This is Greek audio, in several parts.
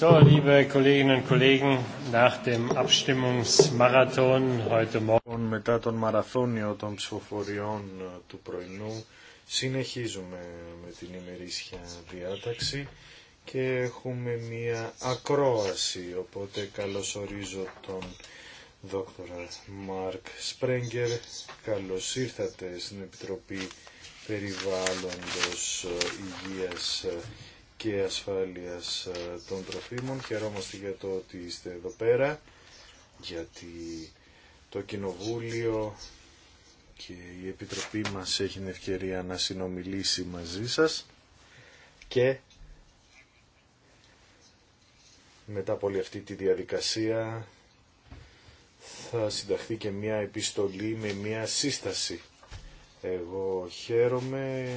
So, Μετά τον μαραθώνιο των ψηφοφοριών ε, του πρωινού, συνεχίζουμε με την ημερήσια διάταξη και έχουμε μία ακρόαση, οπότε καλωσορίζω τον δόκτωρα Μάρκ Σπρέγκερ. Καλώς ήρθατε στην Επιτροπή Περιβάλλοντος ε, Υγείας ε, και ασφάλειας ε, των τροφίμων. Χαιρόμαστε για το ότι είστε εδώ πέρα, γιατί το Κοινοβούλιο και η Επιτροπή μας έχει την ευκαιρία να συνομιλήσει μαζί σας και μετά από όλη αυτή τη διαδικασία θα συνταχθεί και μια επιστολή με μια σύσταση. Εγώ χαίρομαι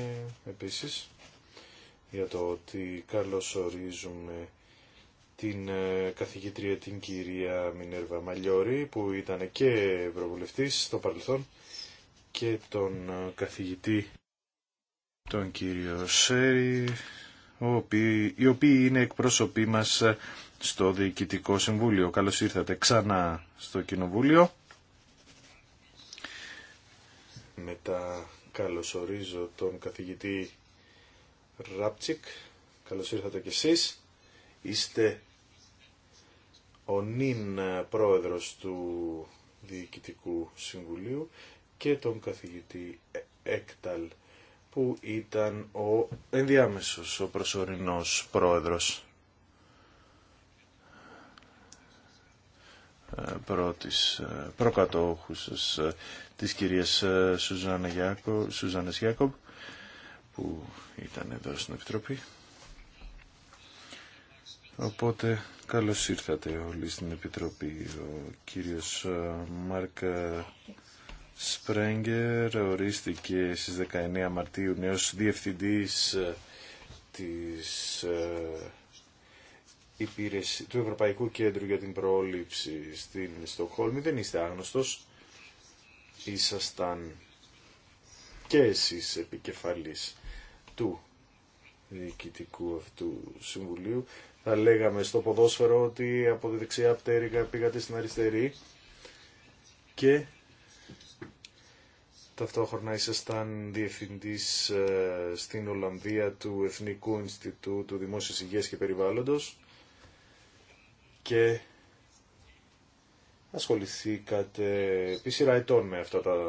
επίσης για το ότι καλωσορίζουμε την ε, καθηγήτρια την κυρία Μινέρβα Μαλιόρη που ήταν και ευρωβουλευτής στο παρελθόν και τον ε, καθηγητή τον κύριο Σέρι οι οποίοι είναι εκπρόσωποι μας στο Διοικητικό Συμβούλιο. Καλώς ήρθατε ξανά στο Κοινοβούλιο. Μετά καλωσορίζω τον καθηγητή Ράπτσικ. Καλώς ήρθατε κι εσείς. Είστε ο νυν πρόεδρος του Διοικητικού Συμβουλίου και τον καθηγητή Έκταλ που ήταν ο ενδιάμεσος, ο προσωρινός πρόεδρος πρώτης ε, προκατόχου ε, της κυρίας ε, Σουζάννα Γιάκο, Γιάκομπ που ήταν εδώ στην Επιτροπή. Οπότε καλώς ήρθατε όλοι στην Επιτροπή. Ο κύριος ε, Μάρκα ε, Σπρέγγερ ορίστηκε στις 19 Μαρτίου νέος διευθυντής ε, της υπήρεσης του Ευρωπαϊκού Κέντρου για την Πρόληψη στην Στοχόλμη Δεν είστε άγνωστος. Ήσασταν και εσείς επικεφαλής του διοικητικού αυτού συμβουλίου. Θα λέγαμε στο ποδόσφαιρο ότι από τη δεξιά πτέρυγα πήγατε στην αριστερή και ταυτόχρονα ήσασταν διευθυντής ε, στην Ολλανδία του Εθνικού Ινστιτούτου Δημόσιας Υγείας και Περιβάλλοντος και ασχοληθήκατε επί σειρά ετών με αυτά τα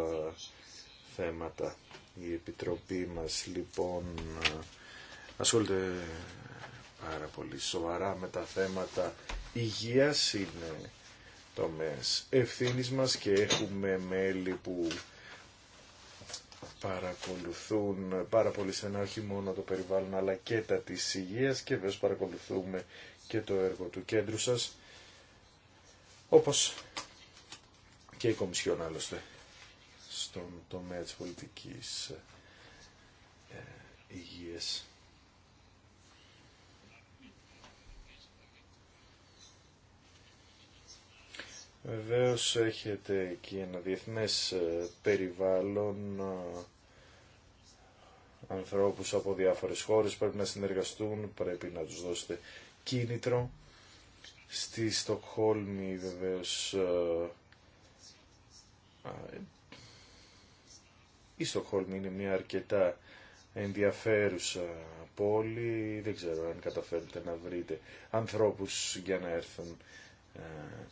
θέματα. Η Επιτροπή μας λοιπόν ασχολείται πάρα πολύ σοβαρά με τα θέματα υγείας, είναι τομές ευθύνης μας και έχουμε μέλη που παρακολουθούν πάρα πολύ στενά όχι μόνο το περιβάλλον αλλά και τα της υγείας και βέβαια παρακολουθούμε και το έργο του κέντρου σας όπως και η Κομισιόν άλλωστε στον τομέα της πολιτικής ε, υγείας. Βεβαίω έχετε εκεί ένα διεθνές ε, περιβάλλον ε, ανθρώπους από διάφορες χώρες, πρέπει να συνεργαστούν, πρέπει να τους δώσετε κίνητρο. Στη Στοκχόλμη βεβαίως η Στοχόλμη είναι μια αρκετά ενδιαφέρουσα πόλη, δεν ξέρω αν καταφέρετε να βρείτε ανθρώπους για να έρθουν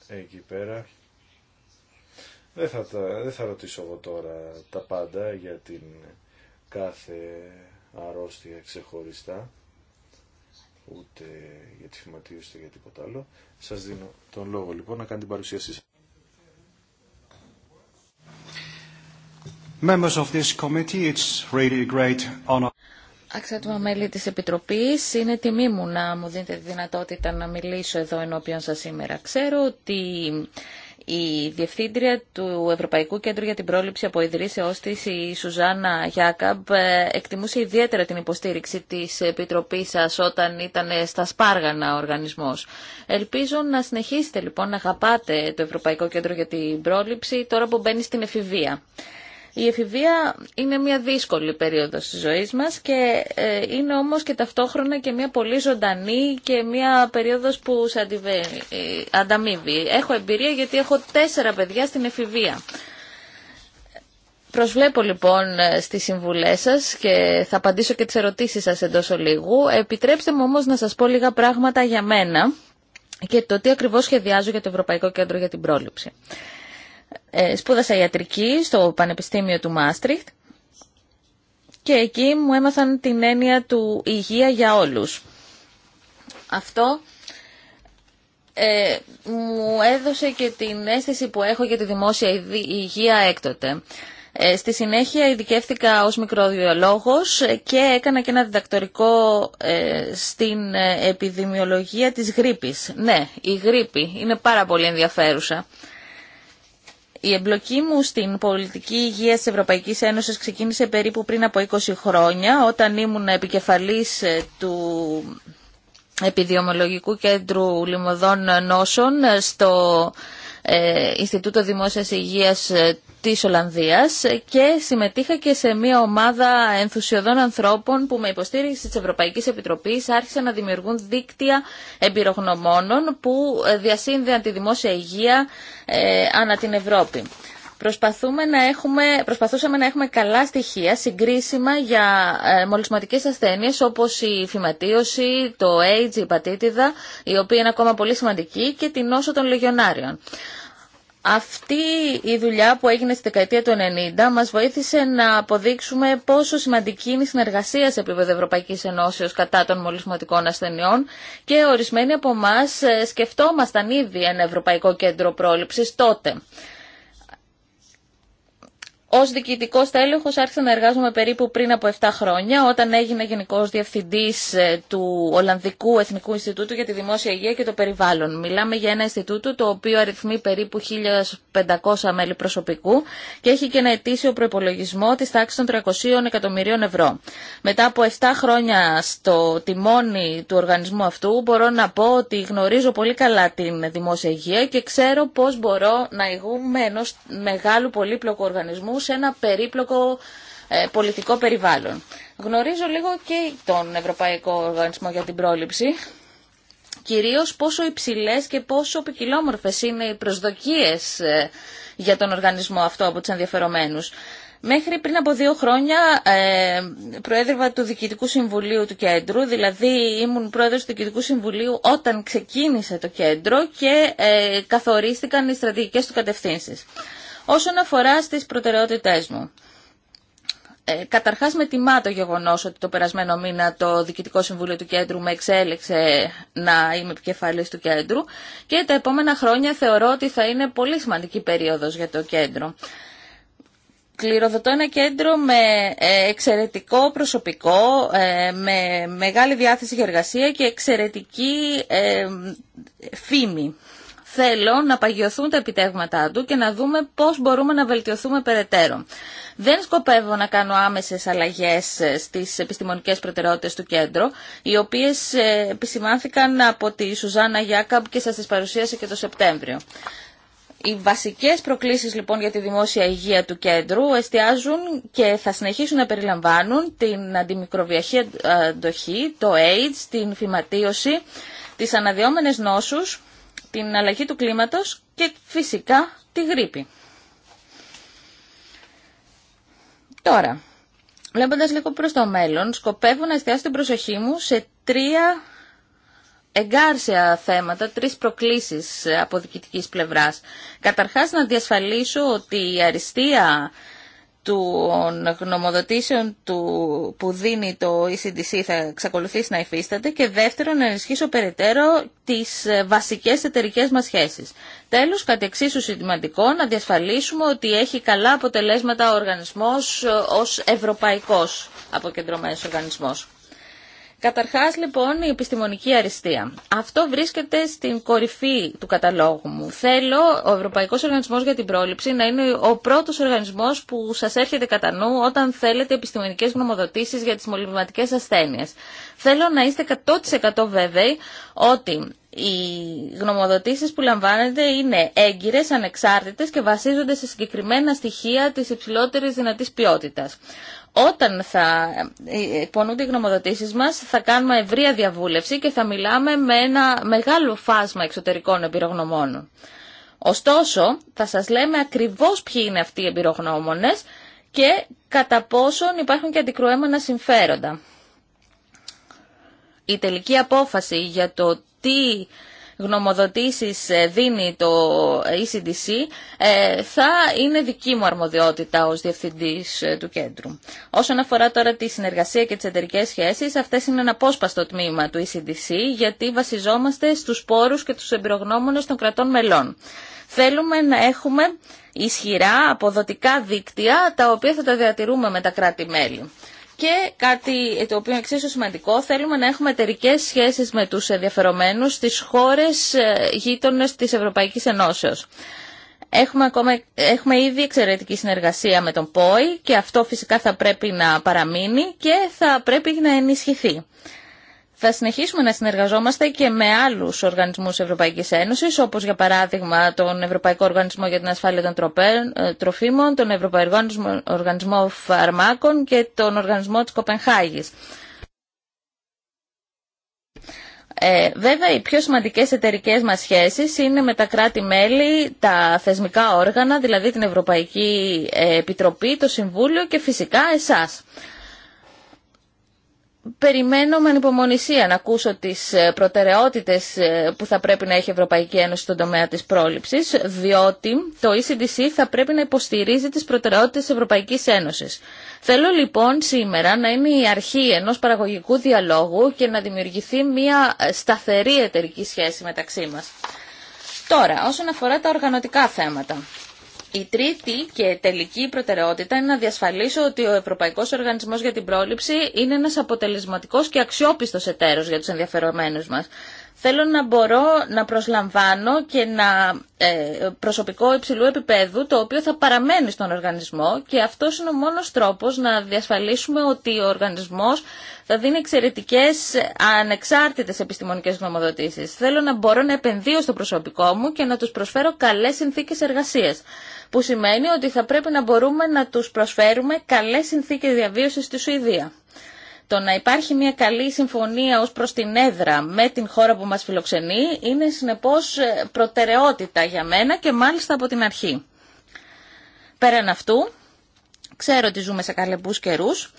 ε, εκεί πέρα. Δεν θα, δεν θα ρωτήσω εγώ τώρα τα πάντα για την κάθε αρρώστια ξεχωριστά, ούτε για τη φυματίωση, ούτε για τίποτα άλλο. Σας δίνω τον λόγο λοιπόν να κάνετε την παρουσίασή σας. Members of this committee, it's really great honor. Αξιότιμα μέλη της Επιτροπής, είναι τιμή μου να μου δίνετε τη δυνατότητα να μιλήσω εδώ ενώπιον σας σήμερα. Ξέρω ότι η Διευθύντρια του Ευρωπαϊκού Κέντρου για την Πρόληψη από Ιδρύσεώς της, η Σουζάννα Γιάκαμπ, εκτιμούσε ιδιαίτερα την υποστήριξη της Επιτροπής σας όταν ήταν στα Σπάργανα ο οργανισμός. Ελπίζω να συνεχίσετε λοιπόν να αγαπάτε το Ευρωπαϊκό Κέντρο για την Πρόληψη τώρα που μπαίνει στην εφηβεία. Η εφηβεία είναι μια δύσκολη περίοδος της ζωής μας και ε, είναι όμως και ταυτόχρονα και μια πολύ ζωντανή και μια περίοδος που σε ε, ανταμείβει. Έχω εμπειρία γιατί έχω τέσσερα παιδιά στην εφηβεία. Προσβλέπω λοιπόν ε, στις συμβουλές σας και θα απαντήσω και τις ερωτήσεις σας εντός ολίγου. Επιτρέψτε μου όμως να σας πω λίγα πράγματα για μένα και το τι ακριβώς σχεδιάζω για το Ευρωπαϊκό Κέντρο για την Πρόληψη. Ε, σπούδασα ιατρική στο Πανεπιστήμιο του Μάστριχτ και εκεί μου έμαθαν την έννοια του υγεία για όλους. Αυτό ε, μου έδωσε και την αίσθηση που έχω για τη δημόσια υγεία έκτοτε. Ε, στη συνέχεια ειδικεύτηκα ως μικροδιολόγος και έκανα και ένα διδακτορικό στην επιδημιολογία της γρήπης. Ναι, η γρήπη είναι πάρα πολύ ενδιαφέρουσα. Η εμπλοκή μου στην πολιτική υγεία της Ευρωπαϊκής Ένωσης ξεκίνησε περίπου πριν από 20 χρόνια, όταν ήμουν επικεφαλής ε, του Επιδιομολογικού Κέντρου Λιμωδών Νόσων ε, στο ε, Ινστιτούτο Δημόσιας Υγείας ε, της Ολλανδίας και συμμετείχα και σε μια ομάδα ενθουσιωδών ανθρώπων που με υποστήριξη της ευρωπαϊκή επιτροπή, άρχισαν να δημιουργούν δίκτυα εμπειρογνωμόνων που ε, διασύνδεαν τη δημόσια υγεία ανά την Ευρώπη. Προσπαθούμε να έχουμε, προσπαθούσαμε να έχουμε καλά στοιχεία συγκρίσιμα για ε, μολυσματικές ασθένειες όπως η φυματίωση, το AIDS, η πατήτιδα, η οποία είναι ακόμα πολύ σημαντική και την νόσο των λεγιονάριων. Αυτή η δουλειά που έγινε στη δεκαετία του 90 μας βοήθησε να αποδείξουμε πόσο σημαντική είναι η συνεργασία σε επίπεδο Ευρωπαϊκής Ενώσεως κατά των μολυσματικών ασθενειών και ορισμένοι από εμά ε, σκεφτόμασταν ήδη ένα Ευρωπαϊκό Κέντρο Πρόληψης τότε. Ω διοικητικό τέλεχο άρχισα να εργάζομαι περίπου πριν από 7 χρόνια, όταν έγινε Γενικό Διευθυντή ε, του Ολλανδικού Εθνικού Ινστιτούτου για τη Δημόσια Υγεία και το Περιβάλλον. Μιλάμε για ένα Ινστιτούτο το οποίο αριθμεί περίπου 1.500 μέλη προσωπικού και έχει και ένα ετήσιο προπολογισμό τη τάξη των 300 εκατομμυρίων ευρώ. Μετά από 7 χρόνια στο τιμόνι του οργανισμού αυτού, μπορώ να πω ότι γνωρίζω πολύ καλά την δημόσια υγεία και ξέρω πώ μπορώ να ηγούμε ενό μεγάλου πολύπλοκου οργανισμού σε ένα περίπλοκο ε, πολιτικό περιβάλλον. Γνωρίζω λίγο και τον Ευρωπαϊκό Οργανισμό για την Πρόληψη, κυρίως πόσο υψηλές και πόσο ποικιλόμορφες είναι οι προσδοκίες ε, για τον οργανισμό αυτό από τους ενδιαφερομένους. Μέχρι πριν από δύο χρόνια ε, προέδρευα του Διοικητικού Συμβουλίου του Κέντρου, δηλαδή ήμουν πρόεδρος του Διοικητικού Συμβουλίου όταν ξεκίνησε το κέντρο και ε, καθορίστηκαν οι στρατηγικές του κατευθύνσεις. Όσον αφορά στις προτεραιότητές μου, ε, καταρχάς με τιμά το γεγονός ότι το περασμένο μήνα το Διοικητικό Συμβούλιο του Κέντρου με εξέλεξε να είμαι επικεφαλής του Κέντρου και τα επόμενα χρόνια θεωρώ ότι θα είναι πολύ σημαντική περίοδος για το Κέντρο. Κληροδοτώ ένα κέντρο με ε, εξαιρετικό προσωπικό, ε, με μεγάλη διάθεση για εργασία και εξαιρετική ε, φήμη. Θέλω να παγιωθούν τα επιτεύγματά του και να δούμε πώς μπορούμε να βελτιωθούμε περαιτέρω. Δεν σκοπεύω να κάνω άμεσες αλλαγές ε, στις επιστημονικές προτεραιότητες του κέντρου, οι οποίες ε, επισημάνθηκαν από τη Σουζάννα Γιάκαμπ και σας τις παρουσίασε και το Σεπτέμβριο. Οι βασικές προκλήσεις λοιπόν για τη δημόσια υγεία του κέντρου εστιάζουν και θα συνεχίσουν να περιλαμβάνουν την αντιμικροβιακή αντοχή, το AIDS, την φυματίωση, τις αναδυόμενες νόσους την αλλαγή του κλίματος και φυσικά τη γρήπη. Τώρα, βλέποντας λίγο προς το μέλλον, σκοπεύω να εστιάσω την προσοχή μου σε τρία εγκάρσια θέματα, τρεις προκλήσεις από διοικητικής πλευράς. Καταρχάς να διασφαλίσω ότι η αριστεία των γνωμοδοτήσεων του, που δίνει το ECDC θα εξακολουθήσει να υφίσταται και δεύτερον να ενισχύσω περαιτέρω τις ε, βασικές εταιρικέ μας σχέσεις. Τέλος, κατ' εξίσου σημαντικό να διασφαλίσουμε ότι έχει καλά αποτελέσματα ο οργανισμός ε, ως ευρωπαϊκός αποκεντρωμένος οργανισμός. Καταρχάς λοιπόν η επιστημονική αριστεία. Αυτό βρίσκεται στην κορυφή του καταλόγου μου. Θέλω ο Ευρωπαϊκός Οργανισμός για την Πρόληψη να είναι ο πρώτος οργανισμός που σας έρχεται κατά νου όταν θέλετε επιστημονικές γνωμοδοτήσεις για τις μολυβηματικές ασθένειες. Θέλω να είστε 100% βέβαιοι ότι οι γνωμοδοτήσεις που λαμβάνετε είναι έγκυρες, ανεξάρτητες και βασίζονται σε συγκεκριμένα στοιχεία της υψηλότερης δυνατής ποιότητας. Όταν θα ε, εκπονούνται οι γνωμοδοτήσεις μας θα κάνουμε ευρεία διαβούλευση και θα μιλάμε με ένα μεγάλο φάσμα εξωτερικών εμπειρογνωμών. Ωστόσο, θα σας λέμε ακριβώς ποιοι είναι αυτοί οι εμπειρογνώμονε και κατά πόσον υπάρχουν και αντικρουέμενα συμφέροντα η τελική απόφαση για το τι γνωμοδοτήσεις ε, δίνει το ECDC ε, θα είναι δική μου αρμοδιότητα ως διευθυντής ε, του κέντρου. Όσον αφορά τώρα τη συνεργασία και τις εταιρικές σχέσεις, αυτές είναι ένα απόσπαστο τμήμα του ECDC γιατί βασιζόμαστε στους πόρους και τους εμπειρογνώμονες των κρατών μελών. Θέλουμε να έχουμε ισχυρά αποδοτικά δίκτυα τα οποία θα τα διατηρούμε με τα κράτη-μέλη. Και κάτι το οποίο είναι εξίσου σημαντικό, θέλουμε να έχουμε εταιρικέ σχέσει με του ενδιαφερομένου στι χώρε γείτονε τη Ευρωπαϊκή Ενώσεω. Έχουμε, ακόμα, έχουμε ήδη εξαιρετική συνεργασία με τον ΠΟΗ και αυτό φυσικά θα πρέπει να παραμείνει και θα πρέπει να ενισχυθεί θα συνεχίσουμε να συνεργαζόμαστε και με άλλους οργανισμούς Ευρωπαϊκής Ένωσης, όπως για παράδειγμα τον Ευρωπαϊκό Οργανισμό για την Ασφάλεια των ε, Τροφίμων, τον Ευρωπαϊκό Οργανισμό Φαρμάκων και τον Οργανισμό της Κοπενχάγης. Ε, βέβαια, οι πιο σημαντικές εταιρικέ μας σχέσεις είναι με τα κράτη-μέλη, τα θεσμικά όργανα, δηλαδή την Ευρωπαϊκή ε, Επιτροπή, το Συμβούλιο και φυσικά εσάς περιμένω με ανυπομονησία να ακούσω τις ε, προτεραιότητες ε, που θα πρέπει να έχει η Ευρωπαϊκή Ένωση στον τομέα της πρόληψης, διότι το ECDC θα πρέπει να υποστηρίζει τις προτεραιότητες της Ευρωπαϊκής Ένωσης. Θέλω λοιπόν σήμερα να είναι η αρχή ενός παραγωγικού διαλόγου και να δημιουργηθεί μια ε, σταθερή εταιρική σχέση μεταξύ μας. Τώρα, όσον αφορά τα οργανωτικά θέματα. Η τρίτη και τελική προτεραιότητα είναι να διασφαλίσω ότι ο Ευρωπαϊκό Οργανισμό για την Πρόληψη είναι ένα αποτελεσματικό και αξιόπιστο εταίρο για του ενδιαφερομένου μα. Θέλω να μπορώ να προσλαμβάνω και να ε, προσωπικό υψηλού επίπεδου το οποίο θα παραμένει στον οργανισμό και αυτό είναι ο μόνος τρόπος να διασφαλίσουμε ότι ο οργανισμός θα δίνει εξαιρετικές ανεξάρτητες επιστημονικές γνωμοδοτήσεις. Θέλω να μπορώ να επενδύω στο προσωπικό μου και να τους προσφέρω καλές συνθήκες εργασίας που σημαίνει ότι θα πρέπει να μπορούμε να τους προσφέρουμε καλές συνθήκες διαβίωσης στη Σουηδία. Το να υπάρχει μια καλή συμφωνία ως προς την έδρα με την χώρα που μας φιλοξενεί είναι συνεπώς ε, προτεραιότητα για μένα και μάλιστα από την αρχή. Πέραν αυτού, ξέρω ότι ζούμε σε καλεμπούς καιρούς,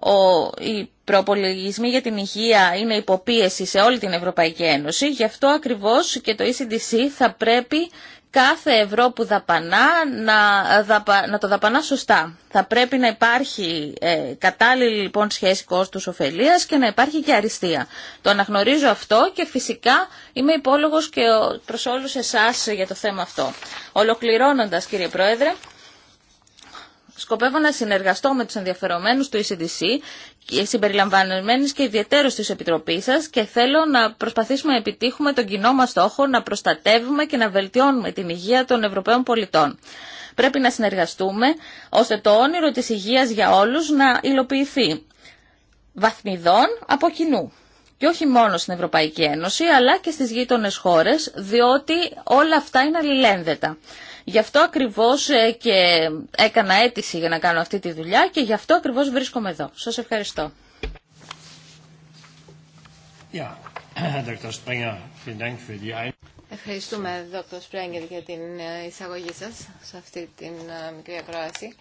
ο, οι προπολογισμοί για την υγεία είναι υποπίεση σε όλη την Ευρωπαϊκή Ένωση, γι' αυτό ακριβώς και το ECDC θα πρέπει κάθε ευρώ που δαπανά να, το δαπανά σωστά. Θα πρέπει να υπάρχει ε, κατάλληλη λοιπόν σχέση κόστους ωφελίας και να υπάρχει και αριστεία. Το αναγνωρίζω αυτό και φυσικά είμαι υπόλογος και προς όλους εσάς για το θέμα αυτό. Ολοκληρώνοντας κύριε Πρόεδρε, σκοπεύω να συνεργαστώ με τους ενδιαφερομένους του ECDC και και ιδιαίτερος της Επιτροπής σας και θέλω να προσπαθήσουμε να επιτύχουμε τον κοινό μας στόχο να προστατεύουμε και να βελτιώνουμε την υγεία των Ευρωπαίων πολιτών. Πρέπει να συνεργαστούμε ώστε το όνειρο της υγείας για όλους να υλοποιηθεί βαθμιδών από κοινού και όχι μόνο στην Ευρωπαϊκή Ένωση, αλλά και στις γείτονες χώρες, διότι όλα αυτά είναι αλληλένδετα. Γι' αυτό ακριβώς ε, και έκανα αίτηση για να κάνω αυτή τη δουλειά και γι' αυτό ακριβώς βρίσκομαι εδώ. Σας ευχαριστώ. Ευχαριστούμε, Δόκτωρ Σπρέγγερ, για την ε, εισαγωγή σας σε αυτή την ε, μικρή ακρόαση.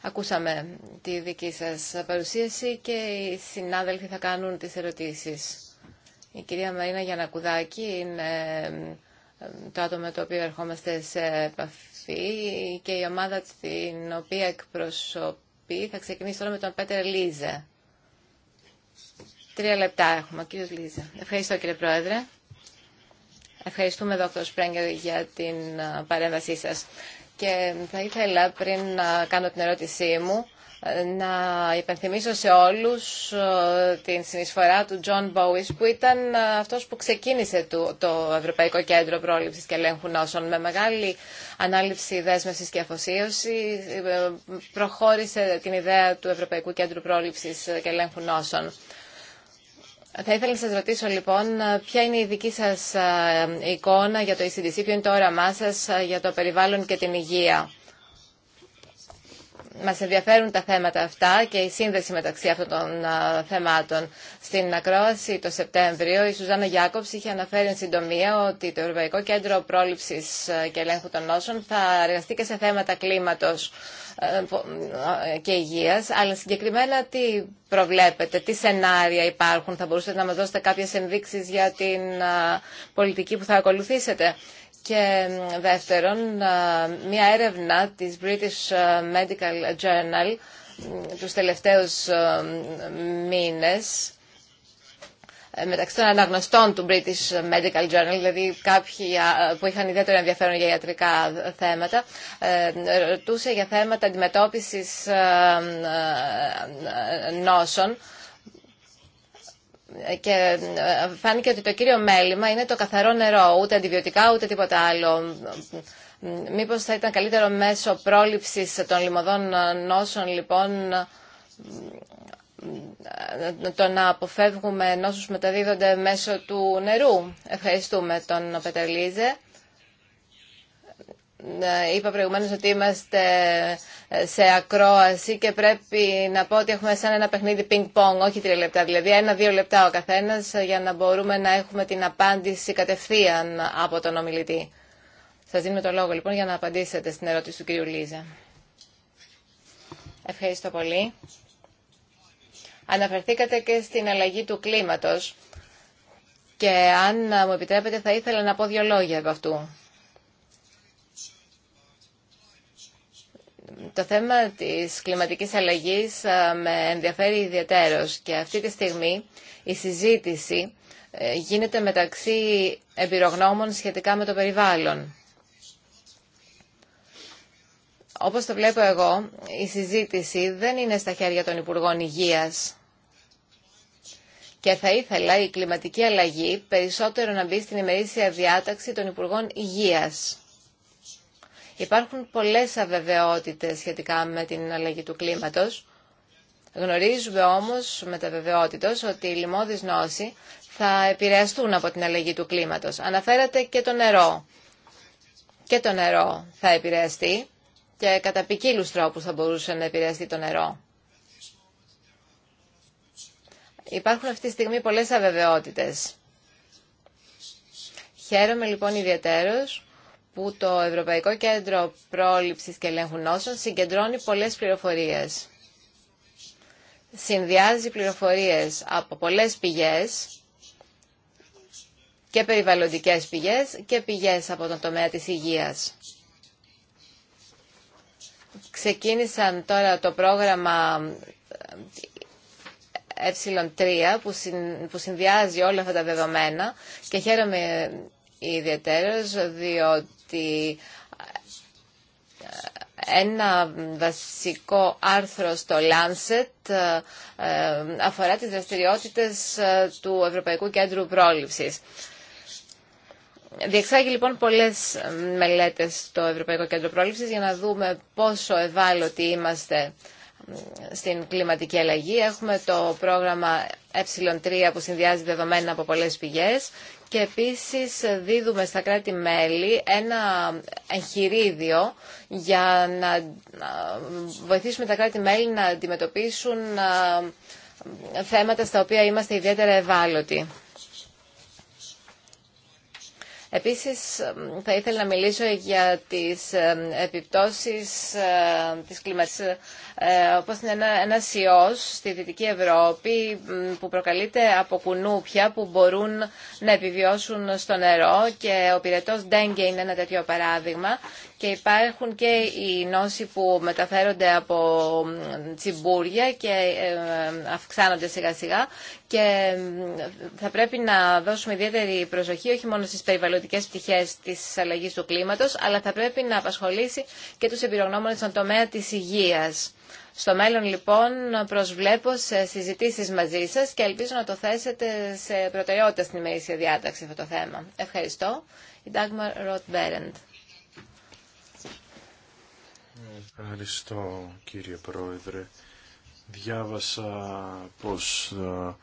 Ακούσαμε τη δική σας παρουσίαση και οι συνάδελφοι θα κάνουν τις ερωτήσεις. Η κυρία Μαρίνα Γιανακουδάκη είναι το άτομο με το οποίο ερχόμαστε σε επαφή και η ομάδα την οποία εκπροσωπεί θα ξεκινήσει τώρα με τον Πέτερ Λίζε. Τρία λεπτά έχουμε, ο κύριος Λίζε. Ευχαριστώ κύριε Πρόεδρε. Ευχαριστούμε δόκτωρ Σπρέγκερ για την ε, παρέμβασή σας. Και θα ήθελα πριν να κάνω την ερώτησή μου να υπενθυμίσω σε όλους ε, την συνεισφορά του John Bowis, που ήταν ε, αυτός που ξεκίνησε το Ευρωπαϊκό Κέντρο Πρόληψης και Ελέγχου Νόσων με μεγάλη ανάληψη δέσμευσης και αφοσίωση ε, προχώρησε την ιδέα του Ευρωπαϊκού Κέντρου Πρόληψης και Ελέγχου Νόσων. Θα ήθελα να σας ρωτήσω λοιπόν ποια είναι η δική σας εικόνα για το ECDC, ποιο είναι το όραμά σας για το περιβάλλον και την υγεία μα ενδιαφέρουν τα θέματα αυτά και η σύνδεση μεταξύ αυτών των θεμάτων. Στην ακρόαση το Σεπτέμβριο η Σουζάνα Γιάκοψ είχε αναφέρει εν συντομία ότι το Ευρωπαϊκό Κέντρο Πρόληψης και Ελέγχου των Νόσων θα εργαστεί και σε θέματα κλίματος και υγείας, αλλά συγκεκριμένα τι προβλέπετε, τι σενάρια υπάρχουν, θα μπορούσατε να μας δώσετε κάποιες ενδείξεις για την πολιτική που θα ακολουθήσετε. Και δεύτερον, μια έρευνα της British Medical Journal τους τελευταίους μήνες ε, μεταξύ των αναγνωστών του British Medical Journal, δηλαδή κάποιοι που είχαν ιδιαίτερο ενδιαφέρον για ιατρικά θέματα, ε, ρωτούσε για θέματα αντιμετώπισης νόσων και ε, φάνηκε ότι το κύριο μέλημα είναι το καθαρό νερό, ούτε αντιβιωτικά ούτε τίποτα άλλο. Μήπως θα ήταν καλύτερο μέσω πρόληψης των λιμωδών νόσων λοιπόν το να αποφεύγουμε νόσους που μεταδίδονται μέσω του νερού. Ευχαριστούμε τον Πετελίζε. Ε, είπα προηγουμένως ότι είμαστε σε ακρόαση και πρέπει να πω ότι έχουμε σαν ένα παιχνίδι πινκ-πονγκ, όχι τρία λεπτά, δηλαδή ένα-δύο λεπτά ο καθένας για να μπορούμε να έχουμε την απάντηση κατευθείαν από τον ομιλητή. Σας δίνουμε το λόγο λοιπόν για να απαντήσετε στην ερώτηση του κυρίου Λίζα. Ευχαριστώ πολύ. Αναφερθήκατε και στην αλλαγή του κλίματος και αν μου επιτρέπετε θα ήθελα να πω δύο λόγια από αυτού. το θέμα της κλιματικής αλλαγής ε, με ενδιαφέρει ιδιαίτερος και αυτή τη στιγμή η συζήτηση ε, γίνεται μεταξύ εμπειρογνώμων σχετικά με το περιβάλλον. Όπως το βλέπω εγώ, η συζήτηση δεν είναι στα χέρια των Υπουργών Υγείας και θα ήθελα η κλιματική αλλαγή περισσότερο να μπει στην ημερήσια διάταξη των Υπουργών Υγείας. Υπάρχουν πολλές αβεβαιότητες σχετικά με την αλλαγή του κλίματος. Γνωρίζουμε όμως με τα βεβαιότητες ότι οι λοιμώδεις νόσοι θα επηρεαστούν από την αλλαγή του κλίματος. Αναφέρατε και το νερό. Και το νερό θα επηρεαστεί και κατά ποικίλου τρόπους θα μπορούσε να επηρεαστεί το νερό. Υπάρχουν αυτή τη στιγμή πολλές αβεβαιότητες. Χαίρομαι λοιπόν ιδιαίτερος που το Ευρωπαϊκό Κέντρο Πρόληψης και Ελέγχου Νόσων συγκεντρώνει πολλές πληροφορίες. Συνδυάζει πληροφορίες από πολλές πηγές και περιβαλλοντικές πηγές και πηγές από τον τομέα της υγείας. Ξεκίνησαν τώρα το πρόγραμμα ε3 ε, ε, ε, που, που συνδυάζει όλα αυτά τα δεδομένα και χαίρομαι ιδιαίτερος διότι ότι ένα βασικό άρθρο στο Lancet ε, αφορά τις δραστηριότητες ε, του Ευρωπαϊκού Κέντρου Πρόληψης. Διεξάγει λοιπόν πολλές μελέτες στο Ευρωπαϊκό Κέντρο Πρόληψης για να δούμε πόσο ευάλωτοι είμαστε στην κλιματική αλλαγή. Έχουμε το πρόγραμμα ε3 που συνδυάζει δεδομένα από πολλές πηγές και επίσης δίδουμε στα κράτη-μέλη ένα εγχειρίδιο για να βοηθήσουμε τα κράτη-μέλη να αντιμετωπίσουν θέματα στα οποία είμαστε ιδιαίτερα ευάλωτοι. Επίσης, θα ήθελα να μιλήσω για τις επιπτώσεις της κλίμακας, ε, όπως είναι ένα, ένας ιός στη Δυτική Ευρώπη που προκαλείται από κουνούπια που μπορούν να επιβιώσουν στο νερό και ο πυρετός Ντέγκε είναι ένα τέτοιο παράδειγμα και υπάρχουν και οι νόσοι που μεταφέρονται από τσιμπούρια και ε, αυξάνονται σιγά σιγά και θα πρέπει να δώσουμε ιδιαίτερη προσοχή όχι μόνο στις περιβαλλοντικές πτυχές της αλλαγής του κλίματος αλλά θα πρέπει να απασχολήσει και τους εμπειρογνώμονες στον τομέα της υγείας. Στο μέλλον λοιπόν προσβλέπω σε συζητήσεις μαζί σας και ελπίζω να το θέσετε σε προτεραιότητα στην ημερήσια διάταξη αυτό το θέμα. Ευχαριστώ. Η Dagmar roth Ευχαριστώ κύριε Πρόεδρε. Διάβασα πως ε,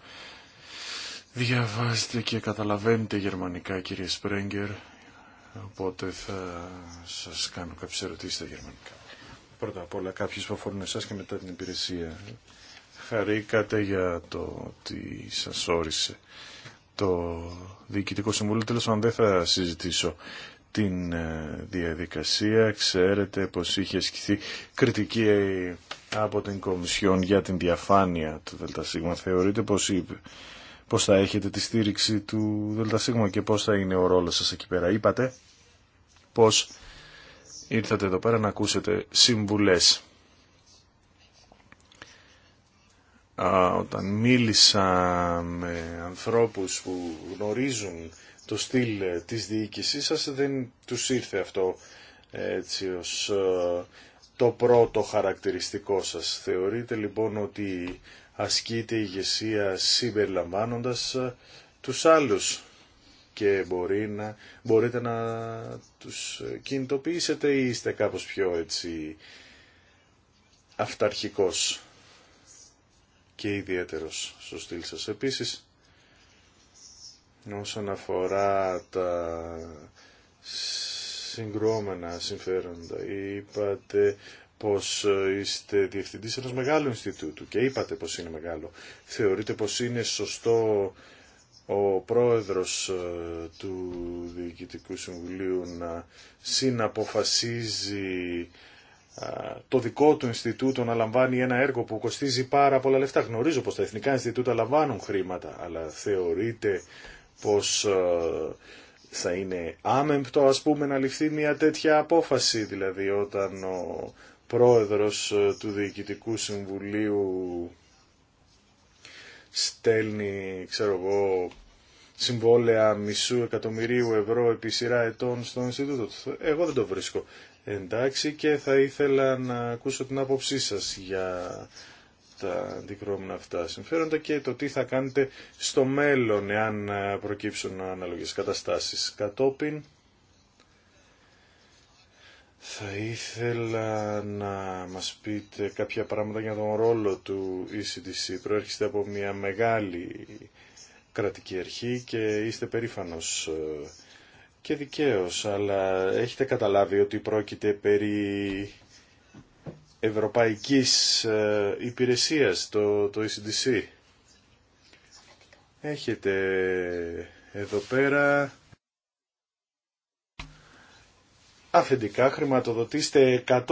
διαβάζετε και καταλαβαίνετε γερμανικά κύριε Σπρέγκερ, οπότε θα σας κάνω κάποιες ερωτήσεις στα γερμανικά. Πρώτα απ' όλα κάποιες που αφορούν εσάς και μετά την υπηρεσία. Χαρήκατε για το ότι σας όρισε το Διοικητικό Συμβούλιο. Τέλος αν δεν θα συζητήσω την ε, διαδικασία. Ξέρετε πως είχε ασκηθεί κριτική από την Κομισιόν για την διαφάνεια του ΔΣ. Θεωρείτε πως, πως θα έχετε τη στήριξη του ΔΣ και πως θα είναι ο ρόλος σας εκεί πέρα. Είπατε πως ήρθατε εδώ πέρα να ακούσετε συμβουλές. όταν μίλησα με ανθρώπους που γνωρίζουν το στυλ ε, της διοίκησής σας δεν τους ήρθε αυτό ε, έτσι ως ε, το πρώτο χαρακτηριστικό σας. Θεωρείτε λοιπόν ότι ασκείται η ηγεσία συμπεριλαμβάνοντας τους άλλους και μπορεί να, μπορείτε να τους κινητοποιήσετε ή είστε κάπως πιο έτσι αυταρχικός και ιδιαίτερος στο στυλ σας. Επίσης, όσον αφορά τα συγκρόμενα συμφέροντα. Είπατε πως είστε διευθυντής ενός μεγάλου Ινστιτούτου και είπατε πως είναι μεγάλο. Θεωρείτε πως είναι σωστό ο πρόεδρος ε, του Διοικητικού Συμβουλίου να συναποφασίζει ε, το δικό του Ινστιτούτο να λαμβάνει ένα έργο που κοστίζει πάρα πολλά λεφτά. Γνωρίζω πως τα Εθνικά Ινστιτούτα λαμβάνουν χρήματα, αλλά θεωρείτε πως ε, θα είναι άμεμπτο ας πούμε να ληφθεί μια τέτοια απόφαση δηλαδή όταν ο πρόεδρος ε, του Διοικητικού Συμβουλίου στέλνει ξέρω εγώ συμβόλαια μισού εκατομμυρίου ευρώ επί σειρά ετών στο Ινστιτούτο Εγώ δεν το βρίσκω. Εντάξει και θα ήθελα να ακούσω την άποψή σας για τα αντικρώμενα αυτά συμφέροντα και το τι θα κάνετε στο μέλλον εάν ε, προκύψουν αναλογές καταστάσεις. Κατόπιν θα ήθελα να μας πείτε κάποια πράγματα για τον ρόλο του ECDC. Προέρχεστε από μια μεγάλη κρατική αρχή και είστε περήφανος ε, και δικαίως, αλλά έχετε καταλάβει ότι πρόκειται περί Ευρωπαϊκής ε, Υπηρεσίας, το, το ECDC. Έχετε εδώ πέρα αφεντικά χρηματοδοτήστε 100%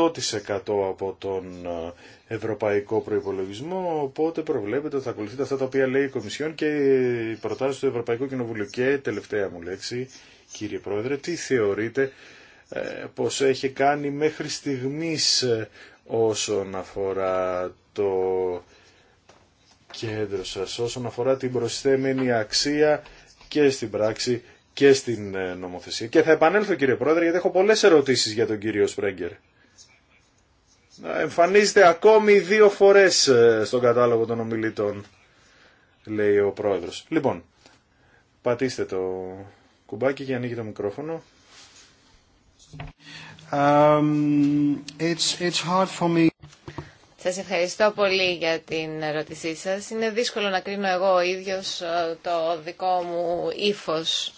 από τον ε, ευρωπαϊκό προϋπολογισμό, οπότε προβλέπετε ότι θα ακολουθείτε αυτά τα οποία λέει η Κομισιόν και η προτάσεις του Ευρωπαϊκού Κοινοβουλίου. Και τελευταία μου λέξη, κύριε Πρόεδρε, τι θεωρείτε ε, πως έχει κάνει μέχρι στιγμής όσον αφορά το κέντρο σας, όσον αφορά την προσθέμενη αξία και στην πράξη και στην ε, νομοθεσία. Και θα επανέλθω κύριε Πρόεδρε γιατί έχω πολλές ερωτήσεις για τον κύριο Σπρέγκερ. Εμφανίζεται ακόμη δύο φορές ε, στον κατάλογο των ομιλητών, λέει ο Πρόεδρος. Λοιπόν, πατήστε το κουμπάκι και ανοίγει το μικρόφωνο. Um, Σας ευχαριστώ πολύ για την ερώτησή σας. Είναι δύσκολο να κρίνω εγώ ο ίδιος ε, το δικό μου ύφος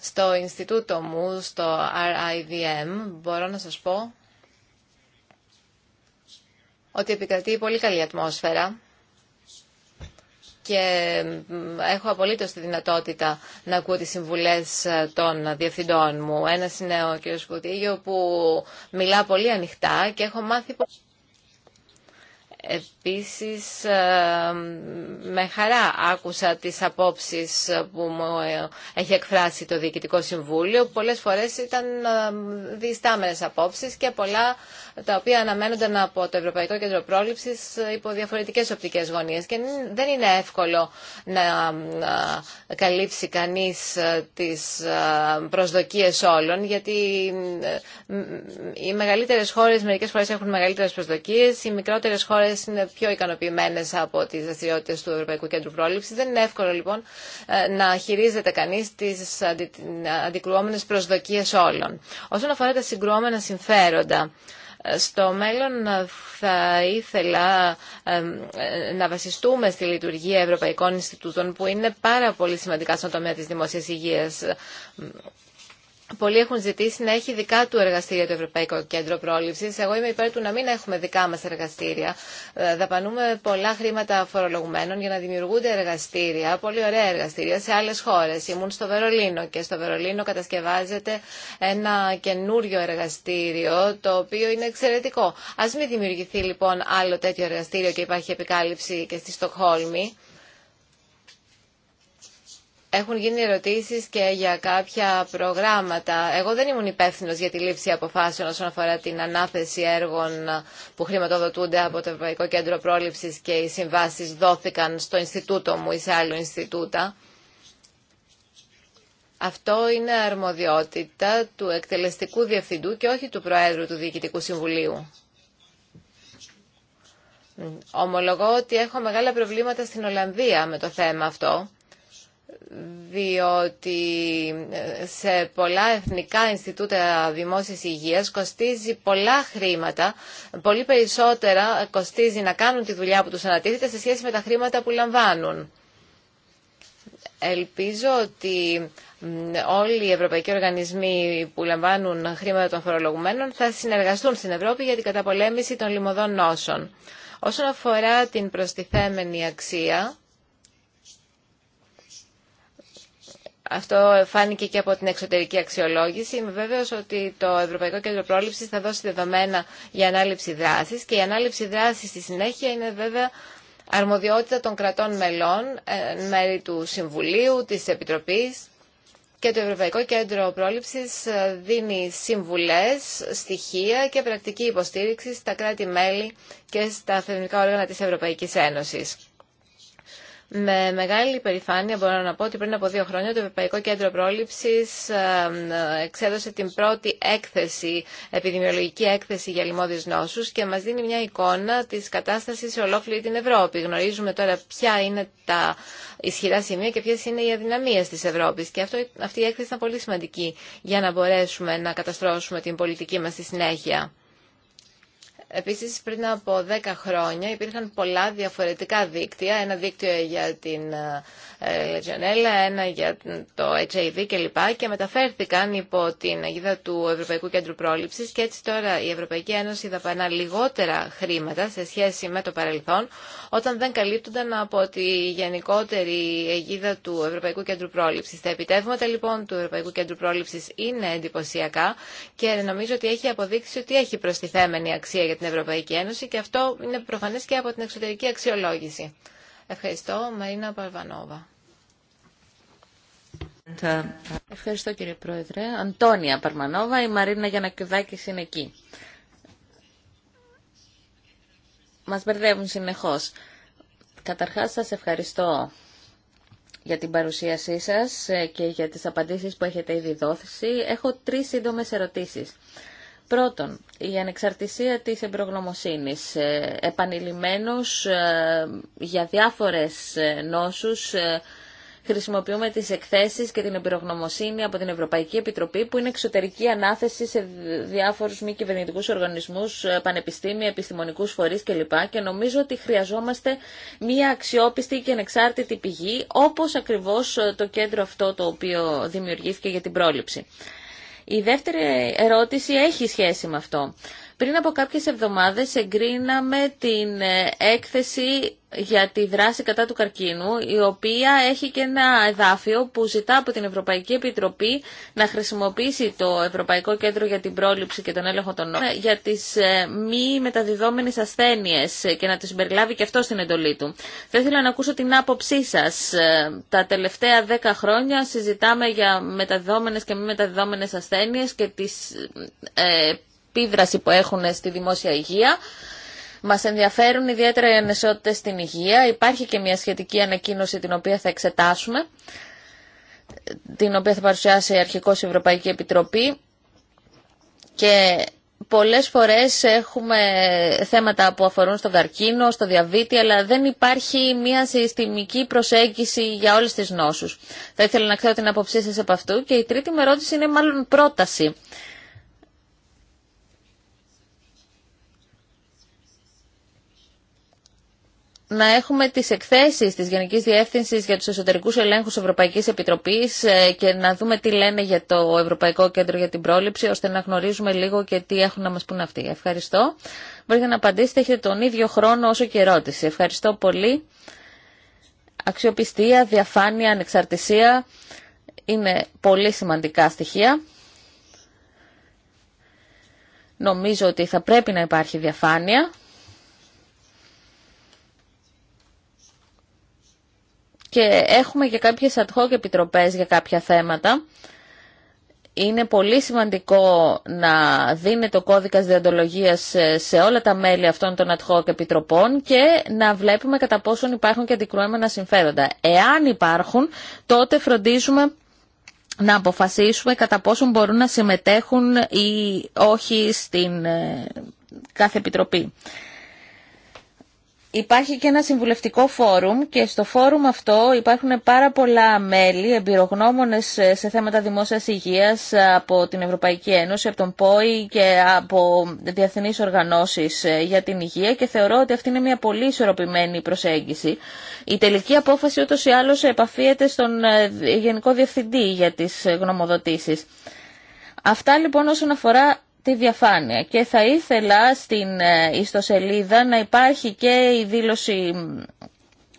στο Ινστιτούτο μου, στο RIVM. Μπορώ να σας πω ότι επικρατεί πολύ καλή ατμόσφαιρα και έχω απολύτως τη δυνατότητα να ακούω τις συμβουλές ε, των διευθυντών μου. Ένα είναι ο κ. Σκουτίγιο που μιλά πολύ ανοιχτά και έχω μάθει πως... Επίσης, ε, με χαρά άκουσα τις απόψεις που μου ε, έχει εκφράσει το Διοικητικό Συμβούλιο. Πολλές φορές ήταν διστάμενες απόψεις και πολλά τα οποία αναμένονταν από το Ευρωπαϊκό Κέντρο πρόληψη υπό διαφορετικές οπτικές γωνίες και δεν είναι εύκολο να καλύψει κανεί ε, τι ε, προσδοκίε όλων γιατί ε, οι μεγαλύτερες χώρες μερικέ φορέ έχουν μεγαλύτερε προσδοκίε, οι μικρότερε χώρε είναι πιο ικανοποιημένε από τι δραστηριότητε του Ευρωπαϊκού Κέντρου Πρόληψη. Δεν είναι εύκολο λοιπόν να χειρίζεται κανεί τι αντι... προσδοκίε προσδοκίες όλων. Όσον αφορά τα συγκρουόμενα συμφέροντα, στο μέλλον θα ήθελα να βασιστούμε στη λειτουργία ευρωπαϊκών Ινστιτούτων που είναι πάρα πολύ σημαντικά στον τομέα της δημόσιας υγείας Πολλοί έχουν ζητήσει να έχει δικά του εργαστήρια το Ευρωπαϊκό Κέντρο Πρόληψη. Εγώ είμαι υπέρ του να μην έχουμε δικά μα εργαστήρια. Ε, δαπανούμε πολλά χρήματα φορολογουμένων για να δημιουργούνται εργαστήρια, πολύ ωραία εργαστήρια, σε άλλε χώρε. Ήμουν στο Βερολίνο και στο Βερολίνο κατασκευάζεται ένα καινούριο εργαστήριο, το οποίο είναι εξαιρετικό. Α μην δημιουργηθεί λοιπόν άλλο τέτοιο εργαστήριο και υπάρχει επικάλυψη και στη Στοκχόλμη. Έχουν γίνει ερωτήσεις και για κάποια προγράμματα. Εγώ δεν ήμουν υπεύθυνο για τη λήψη αποφάσεων όσον αφορά την ανάθεση έργων που χρηματοδοτούνται από το Ευρωπαϊκό Κέντρο Πρόληψης και οι συμβάσεις δόθηκαν στο Ινστιτούτο μου ή σε άλλο Ινστιτούτα. Αυτό είναι αρμοδιότητα του εκτελεστικού διευθυντού και όχι του Προέδρου του Διοικητικού Συμβουλίου. Ομολογώ ότι έχω μεγάλα προβλήματα στην Ολλανδία με το θέμα αυτό διότι σε πολλά εθνικά Ινστιτούτα Δημόσιας Υγείας κοστίζει πολλά χρήματα, πολύ περισσότερα κοστίζει να κάνουν τη δουλειά που τους ανατίθεται σε σχέση με τα χρήματα που λαμβάνουν. Ελπίζω ότι όλοι οι ευρωπαϊκοί οργανισμοί που λαμβάνουν χρήματα των φορολογουμένων θα συνεργαστούν στην Ευρώπη για την καταπολέμηση των λιμωδών νόσων. Όσον αφορά την προστιθέμενη αξία, Αυτό φάνηκε και από την εξωτερική αξιολόγηση. Είμαι βέβαιος ότι το Ευρωπαϊκό Κέντρο πρόληψη θα δώσει δεδομένα για ανάληψη δράσης και η ανάληψη δράσης στη συνέχεια είναι βέβαια αρμοδιότητα των κρατών μελών, ε, μέρη του Συμβουλίου, της Επιτροπής και το Ευρωπαϊκό Κέντρο Πρόληψη ε, δίνει συμβουλές, στοιχεία και πρακτική υποστήριξη στα κράτη-μέλη και στα θεσμικά όργανα τη Ευρωπαϊκή Ένωση. Με μεγάλη υπερηφάνεια μπορώ να πω ότι πριν από δύο χρόνια το Ευρωπαϊκό Κέντρο Πρόληψης εξέδωσε την πρώτη έκθεση, επιδημιολογική έκθεση για λοιμώδεις νόσους και μας δίνει μια εικόνα της κατάστασης σε ολόκληρη την Ευρώπη. Γνωρίζουμε τώρα ποια είναι τα ισχυρά σημεία και ποιες είναι οι αδυναμίες της Ευρώπης και αυτό, αυτή η έκθεση ήταν πολύ σημαντική για να μπορέσουμε να καταστρώσουμε την πολιτική μας στη συνέχεια. Επίσης, πριν από 10 χρόνια υπήρχαν πολλά διαφορετικά δίκτυα. Ένα δίκτυο για την Legionella, ε, ένα για το HIV κλπ. Και μεταφέρθηκαν υπό την αγίδα του Ευρωπαϊκού Κέντρου Πρόληψη, και έτσι τώρα η Ευρωπαϊκή Ένωση δαπανά λιγότερα χρήματα σε σχέση με το παρελθόν όταν δεν καλύπτονταν από τη γενικότερη αιγίδα του Ευρωπαϊκού Κέντρου Πρόληψη. Τα επιτεύγματα λοιπόν του Ευρωπαϊκού Κέντρου Πρόληψη είναι εντυπωσιακά και νομίζω ότι έχει αποδείξει ότι έχει προστιθέμενη αξία για την Ευρωπαϊκή Ένωση και αυτό είναι προφανέ και από την εξωτερική αξιολόγηση. Ευχαριστώ. Μαρίνα Παρβανόβα. Ευχαριστώ κύριε Πρόεδρε. Αντώνια Παρμανόβα, η Μαρίνα Γιανακιουδάκης είναι εκεί. Μας μπερδεύουν συνεχώς. Καταρχάς σας ευχαριστώ για την παρουσίασή σας ε, και για τις απαντήσεις που έχετε ήδη δώσει. Έχω τρεις σύντομες ερωτήσεις. Πρώτον, η ανεξαρτησία της εμπρογνωμοσύνης. Επανειλημμένως ε, για διάφορες ε, νόσους ε, χρησιμοποιούμε τις εκθέσεις και την εμπειρογνωμοσύνη από την Ευρωπαϊκή Επιτροπή που είναι εξωτερική ανάθεση σε διάφορους μη κυβερνητικού οργανισμούς, πανεπιστήμια, επιστημονικούς φορείς κλπ. Και νομίζω ότι χρειαζόμαστε μια αξιόπιστη και ανεξάρτητη πηγή όπως ακριβώς το κέντρο αυτό το οποίο δημιουργήθηκε για την πρόληψη. Η δεύτερη ερώτηση έχει σχέση με αυτό. Πριν από κάποιες εβδομάδες εγκρίναμε την ε, έκθεση για τη δράση κατά του καρκίνου, η οποία έχει και ένα εδάφιο που ζητά από την Ευρωπαϊκή Επιτροπή να χρησιμοποιήσει το Ευρωπαϊκό Κέντρο για την Πρόληψη και τον Έλεγχο των Νόμων ε, για τις ε, μη μεταδιδόμενες ασθένειες και να τις συμπεριλάβει και αυτό στην εντολή του. Θα ήθελα να ακούσω την άποψή σας. Τα τελευταία δέκα χρόνια συζητάμε για μεταδιδόμενες και μη μεταδιδόμενες ασθένειε και επίδραση που έχουν στη δημόσια υγεία. μα ενδιαφέρουν ιδιαίτερα οι ανισότητε στην υγεία. Υπάρχει και μια σχετική ανακοίνωση την οποία θα εξετάσουμε, την οποία θα παρουσιάσει η η Ευρωπαϊκή Επιτροπή. Και πολλές φορές έχουμε θέματα που αφορούν στον καρκίνο, στο διαβήτη, αλλά δεν υπάρχει μια συστημική προσέγγιση για όλες τις νόσους. Θα ήθελα να ξέρω την αποψή σα από αυτού και η τρίτη με ερώτηση είναι μάλλον πρόταση. να έχουμε τις εκθέσεις της Γενικής Διεύθυνσης για τους εσωτερικούς ελέγχους Ευρωπαϊκής Επιτροπής ε, και να δούμε τι λένε για το Ευρωπαϊκό Κέντρο για την Πρόληψη, ώστε να γνωρίζουμε λίγο και τι έχουν να μας πούν αυτοί. Ευχαριστώ. Μπορείτε να απαντήσετε, έχετε τον ίδιο χρόνο όσο και ερώτηση. Ευχαριστώ πολύ. Αξιοπιστία, διαφάνεια, ανεξαρτησία είναι πολύ σημαντικά στοιχεία. Νομίζω ότι θα πρέπει να υπάρχει διαφάνεια. και έχουμε και κάποιες ad hoc επιτροπές για κάποια θέματα. Είναι πολύ σημαντικό να δίνεται ο κώδικας διοντολογίας σε όλα τα μέλη αυτών των ad hoc επιτροπών και να βλέπουμε κατά πόσον υπάρχουν και αντικρουέμενα συμφέροντα. Εάν υπάρχουν, τότε φροντίζουμε να αποφασίσουμε κατά πόσον μπορούν να συμμετέχουν ή όχι στην ε, κάθε επιτροπή. Υπάρχει και ένα συμβουλευτικό φόρουμ και στο φόρουμ αυτό υπάρχουν πάρα πολλά μέλη, εμπειρογνώμονες ε, σε θέματα δημόσιας υγείας ε, από την Ευρωπαϊκή Ένωση, από τον ΠΟΗ και από διεθνείς οργανώσεις ε, για την υγεία και θεωρώ ότι αυτή είναι μια πολύ ισορροπημένη προσέγγιση. Η τελική απόφαση ούτως ή άλλως επαφίεται στον Γενικό Διευθυντή για τις γνωμοδοτήσεις. Αυτά λοιπόν όσον αφορά τη διαφάνεια και θα ήθελα στην ε, ιστοσελίδα να υπάρχει και η δήλωση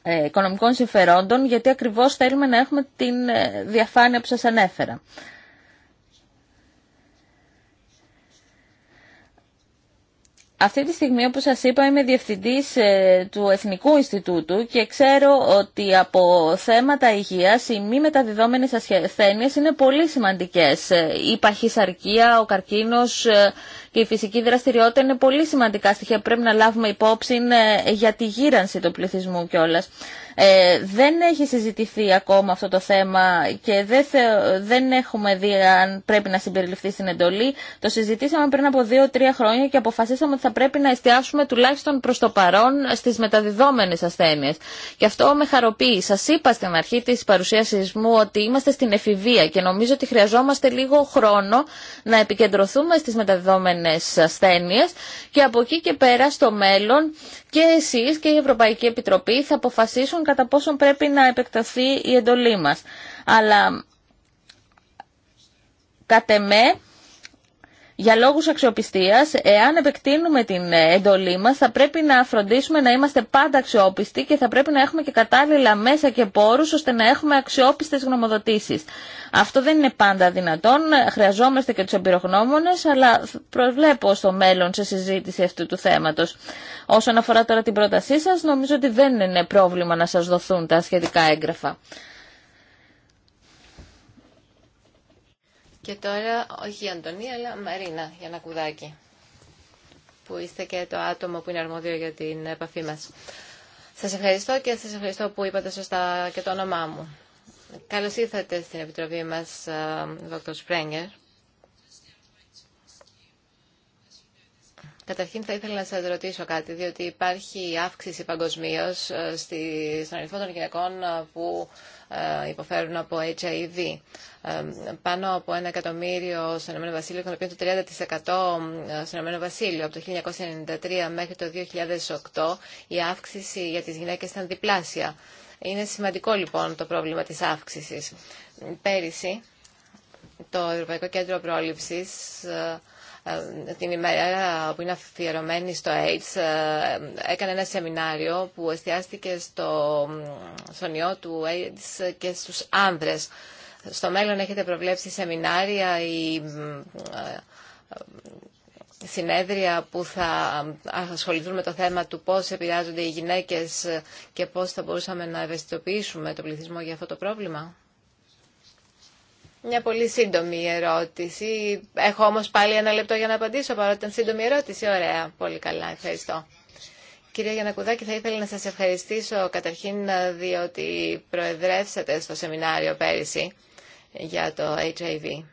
ε, οικονομικών συμφερόντων γιατί ακριβώς θέλουμε να έχουμε την ε, διαφάνεια που σας ανέφερα. Αυτή τη στιγμή, όπως σας είπα, είμαι διευθυντής ε, του Εθνικού Ινστιτούτου και ξέρω ότι από θέματα υγείας οι μη μεταδιδόμενες ασθένειες είναι πολύ σημαντικές. Ε, η παχυσαρκία, ο καρκίνος ε, και η φυσική δραστηριότητα είναι πολύ σημαντικά στοιχεία που πρέπει να λάβουμε υπόψη για τη γύρανση του πληθυσμού κιόλας. Ε, δεν έχει συζητηθεί ακόμα αυτό το θέμα και δεν, δεν έχουμε δει αν πρέπει να συμπεριληφθεί στην εντολή. Το συζητήσαμε πριν από δύο-τρία χρόνια και αποφασίσαμε ότι θα πρέπει να εστιάσουμε τουλάχιστον προ το παρόν στι μεταδιδόμενε ασθένειε. Και αυτό με χαροποιεί. Σα είπα στην αρχή τη παρουσίασή μου ότι είμαστε στην εφηβεία και νομίζω ότι χρειαζόμαστε λίγο χρόνο να επικεντρωθούμε στι μεταδιδόμενε ασθένειε και από εκεί και πέρα στο μέλλον και εσείς και η Ευρωπαϊκή Επιτροπή θα αποφασίσουν κατά πόσον πρέπει να επεκταθεί η εντολή μας. Αλλά κατ' εμέ για λόγους αξιοπιστίας, εάν επεκτείνουμε την ε, εντολή μας, θα πρέπει να φροντίσουμε να είμαστε πάντα αξιόπιστοι και θα πρέπει να έχουμε και κατάλληλα μέσα και πόρους, ώστε να έχουμε αξιόπιστες γνωμοδοτήσεις. Αυτό δεν είναι πάντα δυνατόν, χρειαζόμαστε και τους εμπειρογνώμονες, αλλά προβλέπω στο μέλλον σε συζήτηση αυτού του θέματος. Όσον αφορά τώρα την πρότασή σας, νομίζω ότι δεν είναι πρόβλημα να σας δοθούν τα σχετικά έγγραφα. Και τώρα, όχι η Αντωνία, αλλά Μαρίνα, για να κουδάκι, που είστε και το άτομο που είναι αρμόδιο για την επαφή μας. Σας ευχαριστώ και σας ευχαριστώ που είπατε σωστά και το όνομά μου. Καλώς ήρθατε στην Επιτροπή μας, ε, Δ. Σπρέγγερ. Καταρχήν θα ήθελα να σας ρωτήσω κάτι, διότι υπάρχει αύξηση παγκοσμίω ε, στον αριθμό των γυναικών ε, που ε, υποφέρουν από HIV. Ε, πάνω από ένα εκατομμύριο στον Ηνωμένο Βασίλειο, οποίο είναι το 30% ε, στον Ηνωμένο Βασίλειο από το 1993 μέχρι το 2008 η αύξηση για τις γυναίκες ήταν διπλάσια. Είναι σημαντικό λοιπόν το πρόβλημα της αύξησης. Πέρυσι το Ευρωπαϊκό Κέντρο Πρόληψης ε, την ημέρα που είναι αφιερωμένη στο AIDS ε, έκανε ένα σεμινάριο που εστιάστηκε στο, στον του AIDS και στους άνδρες. Στο μέλλον έχετε προβλέψει σεμινάρια ή ε, συνέδρια που θα ασχοληθούν με το θέμα του πώς επηρεάζονται οι γυναίκες και πώς θα μπορούσαμε να ευαισθητοποιήσουμε το πληθυσμό για αυτό το πρόβλημα. Μια πολύ σύντομη ερώτηση. Έχω όμως πάλι ένα λεπτό για να απαντήσω, παρότι ήταν σύντομη ερώτηση. Ωραία, πολύ καλά, ευχαριστώ. Κυρία Γιανακουδάκη, θα ήθελα να σας ευχαριστήσω καταρχήν διότι προεδρεύσατε στο σεμινάριο πέρυσι για το HIV.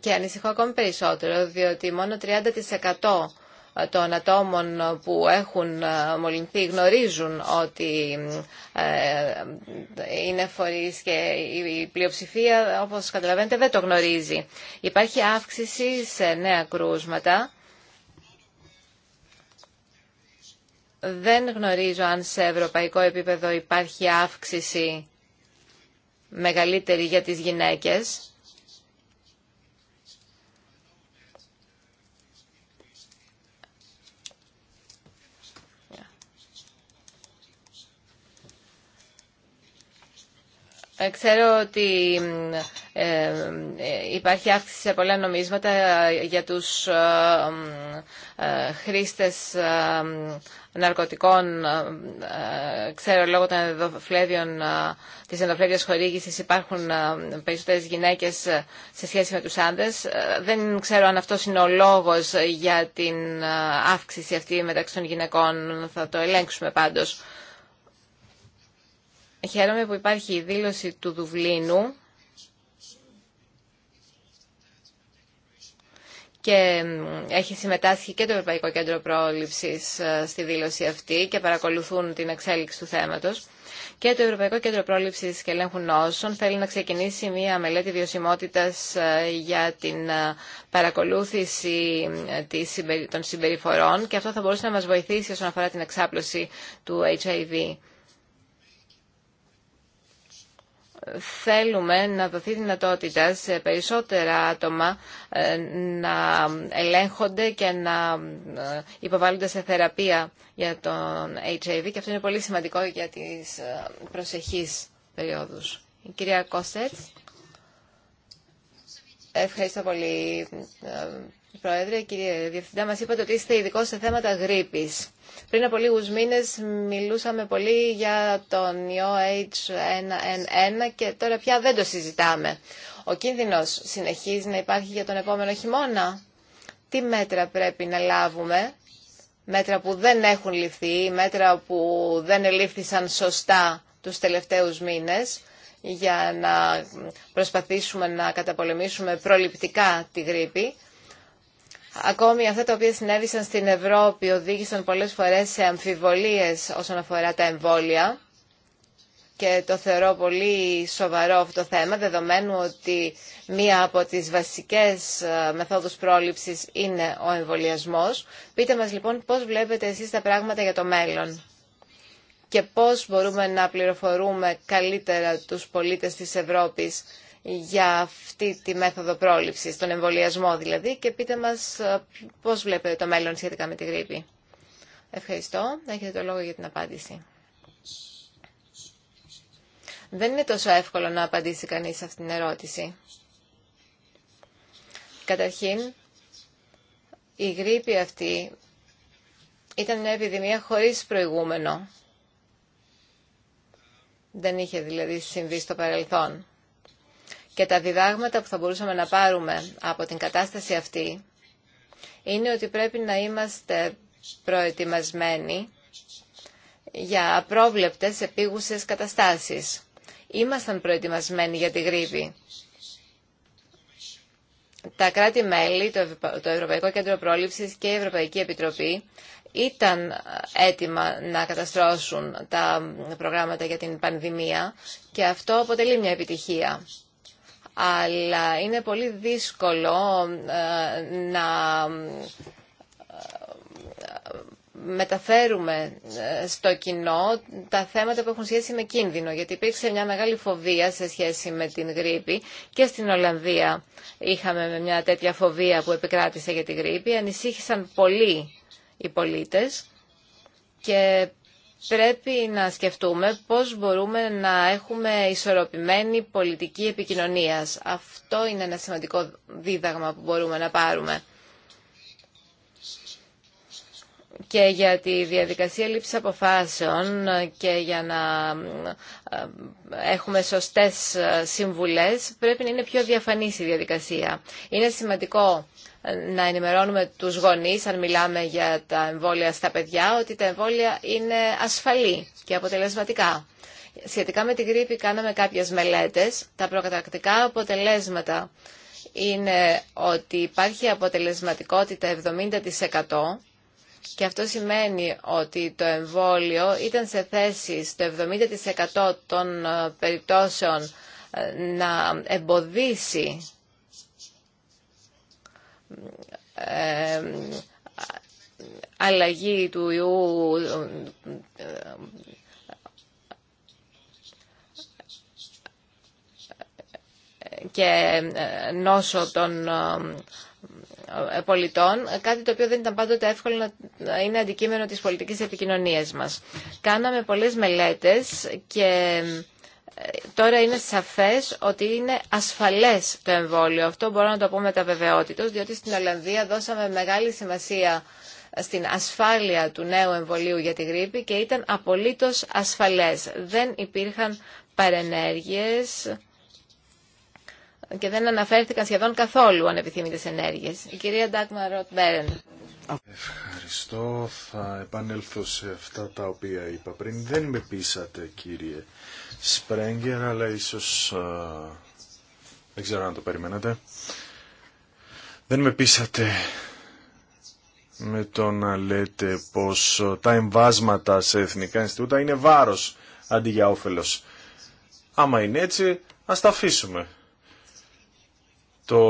Και ανησυχώ ακόμη περισσότερο, διότι μόνο 30% των ατόμων που έχουν ε, μολυνθεί γνωρίζουν ότι ε, είναι φορείς και η πλειοψηφία όπως καταλαβαίνετε δεν το γνωρίζει. Υπάρχει αύξηση σε νέα κρούσματα. Δεν γνωρίζω αν σε ευρωπαϊκό επίπεδο υπάρχει αύξηση μεγαλύτερη για τις γυναίκες. Ε, ξέρω ότι ε, ε, υπάρχει αύξηση σε πολλά νομίσματα για τους χρήστες ναρκωτικών. Ξέρω λόγω των ενδοφλέβιων, της ενδοφλέβιας χορήγησης υπάρχουν περισσότερες γυναίκες σε σχέση με τους άντρες. Δεν ξέρω αν αυτός είναι ο λόγος για την αύξηση αυτή μεταξύ των γυναικών. Θα το ελέγξουμε πάντως. Χαίρομαι που υπάρχει η δήλωση του Δουβλίνου και έχει συμμετάσχει και το Ευρωπαϊκό Κέντρο Πρόληψης ε, στη δήλωση αυτή και παρακολουθούν την εξέλιξη του θέματος. Και το Ευρωπαϊκό Κέντρο Πρόληψης και Ελέγχου Νόσων θέλει να ξεκινήσει μια μελέτη βιωσιμότητας ε, για την ε, παρακολούθηση των συμπεριφορών και αυτό θα μπορούσε να μας βοηθήσει όσον αφορά την εξάπλωση του HIV. θέλουμε να δοθεί δυνατότητα σε περισσότερα άτομα ε, να ελέγχονται και να ε, υποβάλλονται σε θεραπεία για τον HIV και αυτό είναι πολύ σημαντικό για τις ε, προσεχείς περιόδους. Η κυρία Κώστετς. Ευχαριστώ πολύ Πρόεδρε, κύριε Διευθυντά, μα είπατε ότι είστε ειδικό σε θέματα γρήπη. Πριν από λίγου μήνε μιλούσαμε πολύ για τον ιό H1N1 και τώρα πια δεν το συζητάμε. Ο κίνδυνος συνεχίζει να υπάρχει για τον επόμενο χειμώνα. Τι μέτρα πρέπει να λάβουμε, μέτρα που δεν έχουν ληφθεί, μέτρα που δεν ελήφθησαν σωστά τους τελευταίους μήνες για να προσπαθήσουμε να καταπολεμήσουμε προληπτικά τη γρήπη Ακόμη αυτά τα οποία συνέβησαν στην Ευρώπη οδήγησαν πολλές φορές σε αμφιβολίες όσον αφορά τα εμβόλια και το θεωρώ πολύ σοβαρό αυτό το θέμα, δεδομένου ότι μία από τις βασικές ε, μεθόδους πρόληψης είναι ο εμβολιασμός. Πείτε μας λοιπόν πώς βλέπετε εσείς τα πράγματα για το μέλλον και πώς μπορούμε να πληροφορούμε καλύτερα τους πολίτες της Ευρώπης για αυτή τη μέθοδο πρόληψης, τον εμβολιασμό δηλαδή, και πείτε μας ε, πώς βλέπετε το μέλλον σχετικά με τη γρήπη. Ευχαριστώ. Έχετε το λόγο για την απάντηση. Δεν είναι τόσο εύκολο να απαντήσει κανείς σε αυτήν την ερώτηση. Καταρχήν, η γρήπη αυτή ήταν μια επιδημία χωρίς προηγούμενο. Δεν είχε δηλαδή συμβεί στο παρελθόν. Και τα διδάγματα που θα μπορούσαμε να πάρουμε από την κατάσταση αυτή είναι ότι πρέπει να είμαστε προετοιμασμένοι για απρόβλεπτες επίγουσες καταστάσεις. Ήμασταν προετοιμασμένοι για τη γρήπη. Τα κράτη-μέλη, το Ευρωπαϊκό Κέντρο Πρόληψης και η Ευρωπαϊκή Επιτροπή ήταν έτοιμα να καταστρώσουν τα προγράμματα για την πανδημία και αυτό αποτελεί μια επιτυχία αλλά είναι πολύ δύσκολο ε, να ε, μεταφέρουμε ε, στο κοινό τα θέματα που έχουν σχέση με κίνδυνο, γιατί υπήρξε μια μεγάλη φοβία σε σχέση με την γρήπη και στην Ολλανδία είχαμε μια τέτοια φοβία που επικράτησε για την γρήπη. Ανησύχησαν πολύ οι πολίτες και πρέπει να σκεφτούμε πώς μπορούμε να έχουμε ισορροπημένη πολιτική επικοινωνίας. Αυτό είναι ένα σημαντικό δίδαγμα που μπορούμε να πάρουμε. Και για τη διαδικασία λήψης αποφάσεων και για να ε, έχουμε σωστές ε, συμβουλές πρέπει να είναι πιο διαφανής η διαδικασία. Είναι σημαντικό να ενημερώνουμε τους γονείς αν μιλάμε για τα εμβόλια στα παιδιά ότι τα εμβόλια είναι ασφαλή και αποτελεσματικά. Σχετικά με την γρήπη κάναμε κάποιες μελέτες. Τα προκατακτικά αποτελέσματα είναι ότι υπάρχει αποτελεσματικότητα 70% και αυτό σημαίνει ότι το εμβόλιο ήταν σε θέση στο 70% των ε, περιπτώσεων ε, να εμποδίσει ε, αλλαγή του ιού ε, και ε, νόσο των πολιτών, κάτι το οποίο δεν ήταν πάντοτε εύκολο να είναι αντικείμενο της πολιτικής επικοινωνίας μας. Κάναμε πολλές μελέτες και Τώρα είναι σαφές ότι είναι ασφαλές το εμβόλιο. Αυτό μπορώ να το πω με τα βεβαιότητος, διότι στην Ολλανδία δώσαμε μεγάλη σημασία στην ασφάλεια του νέου εμβολίου για τη γρήπη και ήταν απολύτως ασφαλές. Δεν υπήρχαν παρενέργειες και δεν αναφέρθηκαν σχεδόν καθόλου ανεπιθύμητες ενέργειες. Η κυρία Ντάκμα Ροτ Ευχαριστώ. Θα επανέλθω σε αυτά τα οποία είπα πριν. Δεν με πείσατε κύριε Σπρέγγερ, αλλά ίσως δεν ξέρω αν το περιμένατε. Δεν με πείσατε με το να λέτε πως τα εμβάσματα σε εθνικά Ινστιτούτα είναι βάρος αντί για όφελος. Άμα είναι έτσι, ας τα αφήσουμε το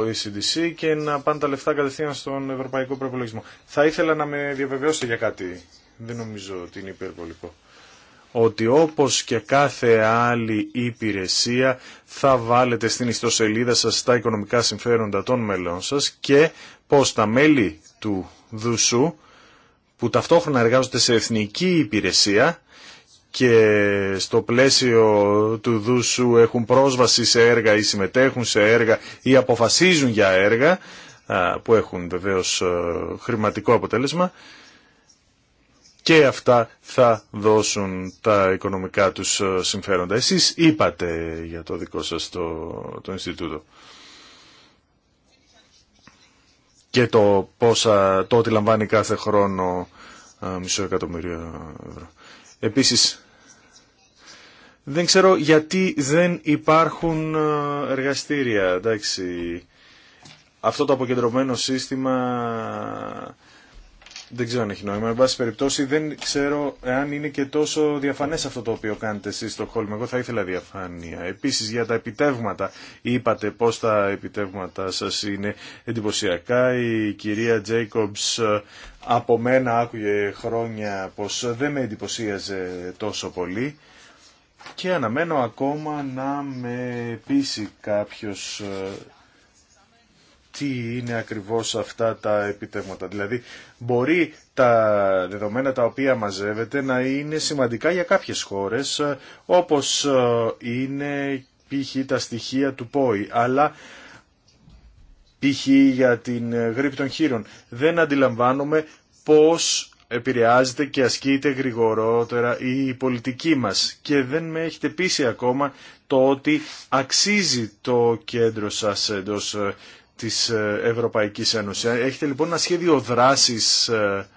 ECDC και να πάνε τα λεφτά κατευθείαν στον ευρωπαϊκό προπολογισμό. Θα ήθελα να με διαβεβαιώσετε για κάτι. Δεν νομίζω ότι είναι υπερβολικό ότι όπως και κάθε άλλη υπηρεσία θα βάλετε στην ιστοσελίδα σας τα οικονομικά συμφέροντα των μελών σας και πως τα μέλη του ΔΟΥΣΟΥ που ταυτόχρονα εργάζονται σε εθνική υπηρεσία και στο πλαίσιο του ΔΟΥΣΟΥ έχουν πρόσβαση σε έργα ή συμμετέχουν σε έργα ή αποφασίζουν για έργα που έχουν βεβαίως ε, χρηματικό αποτέλεσμα και αυτά θα δώσουν τα οικονομικά τους ε, συμφέροντα. Εσείς είπατε για το δικό σας το, το Ινστιτούτο. Και το, πόσα, το ότι λαμβάνει κάθε χρόνο ε, μισό εκατομμύριο ευρώ. Επίσης, δεν ξέρω γιατί δεν υπάρχουν ε, εργαστήρια, εντάξει. Αυτό το αποκεντρωμένο σύστημα δεν ξέρω αν έχει νόημα. Εν πάση περιπτώσει δεν ξέρω αν είναι και τόσο διαφανές αυτό το οποίο κάνετε εσεί στο Χόλμ. Εγώ θα ήθελα διαφάνεια. Επίσης για τα επιτεύγματα. Είπατε πώς τα επιτεύγματα σας είναι εντυπωσιακά. Η κυρία Τζέικομπ ε, από μένα άκουγε χρόνια πως δεν με εντυπωσίαζε τόσο πολύ. Και αναμένω ακόμα να με πείσει κάποιος ε, τι είναι ακριβώς αυτά τα επιτεύγματα. Δηλαδή μπορεί τα δεδομένα τα οποία μαζεύεται να είναι σημαντικά για κάποιες χώρες όπως ε, είναι π.χ. τα στοιχεία του ΠΟΗ αλλά π.χ. για την ε, γρήπη των χείρων. Δεν αντιλαμβάνομαι πώς επηρεάζεται και ασκείται γρηγορότερα η πολιτική μας και δεν με έχετε πείσει ακόμα το ότι αξίζει το κέντρο σας εντός ε, της ε, Ευρωπαϊκής Ένωσης. Έχετε λοιπόν ένα σχέδιο δράσης ε,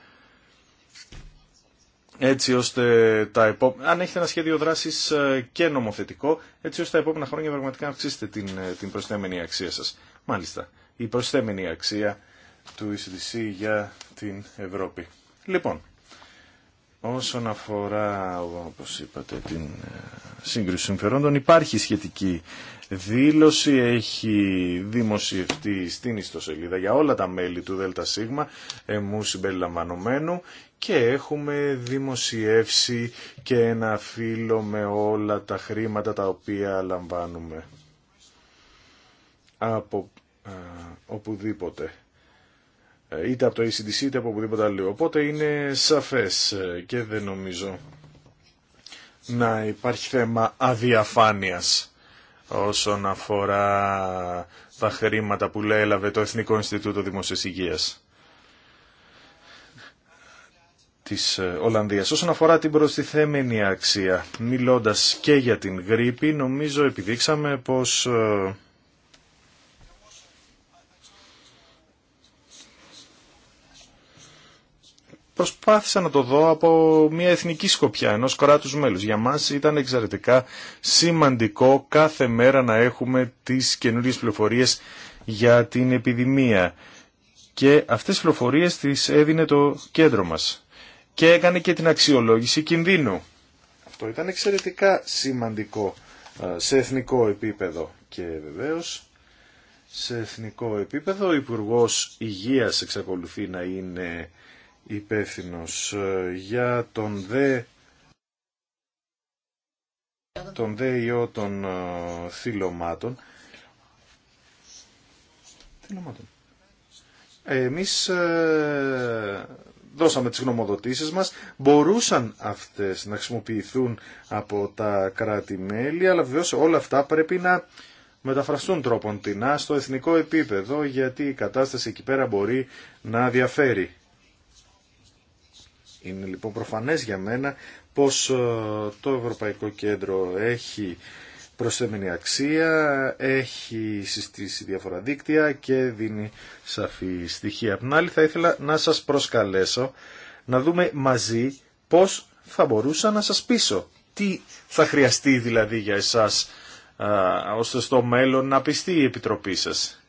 έτσι ώστε τα επόμενα, αν έχετε ένα σχέδιο δράσης ε, και νομοθετικό, έτσι ώστε τα επόμενα χρόνια πραγματικά να αυξήσετε την, την προσθέμενη αξία σας. Μάλιστα, η προσθέμενη αξία του ECDC για την Ευρώπη. Λοιπόν, όσον αφορά, όπως είπατε, την σύγκριση συμφερόντων. Υπάρχει σχετική δήλωση, έχει δημοσιευτεί στην ιστοσελίδα για όλα τα μέλη του ΔΣ, εμού συμπεριλαμβανομένου και έχουμε δημοσιεύσει και ένα φύλλο με όλα τα χρήματα τα οποία λαμβάνουμε από ε, οπουδήποτε ε, είτε από το ECDC είτε από οπουδήποτε άλλο. Οπότε είναι σαφές ε, και δεν νομίζω να υπάρχει θέμα αδιαφάνειας όσον αφορά τα χρήματα που έλαβε το Εθνικό Ινστιτούτο Δημόσιας Υγείας της ε, Ολλανδίας. Όσον αφορά την προστιθέμενη αξία, μιλώντας και για την γρήπη, νομίζω επιδείξαμε πως ε, προσπάθησα να το δω από μια εθνική σκοπιά ενός κράτους μέλους. Για μας ήταν εξαιρετικά σημαντικό κάθε μέρα να έχουμε τις καινούριες πληροφορίες για την επιδημία. Και αυτές τις πληροφορίες τις έδινε το κέντρο μας. Και έκανε και την αξιολόγηση κινδύνου. Αυτό ήταν εξαιρετικά σημαντικό σε εθνικό επίπεδο. Και βεβαίως σε εθνικό επίπεδο ο Υπουργός Υγείας εξακολουθεί να είναι υπεύθυνο ε, για τον δε τον δε των ε, θυλωμάτων. Θυλωμάτων. Εμείς ε, δώσαμε τις γνωμοδοτήσεις μας, μπορούσαν αυτές να χρησιμοποιηθούν από τα κράτη-μέλη, αλλά βεβαίως όλα αυτά πρέπει να μεταφραστούν τρόπον τεινά στο εθνικό επίπεδο, γιατί η κατάσταση εκεί πέρα μπορεί να διαφέρει. Είναι λοιπόν προφανές για μένα πως ε, το Ευρωπαϊκό Κέντρο έχει προσθέμενη αξία, έχει συστήσει διάφορα δίκτυα και δίνει σαφή στοιχεία. Απ' την άλλη θα ήθελα να σας προσκαλέσω να δούμε μαζί πώς θα μπορούσα να σας πείσω. Τι θα χρειαστεί δηλαδή για εσάς ώστε στο μέλλον να πιστεί η Επιτροπή σας.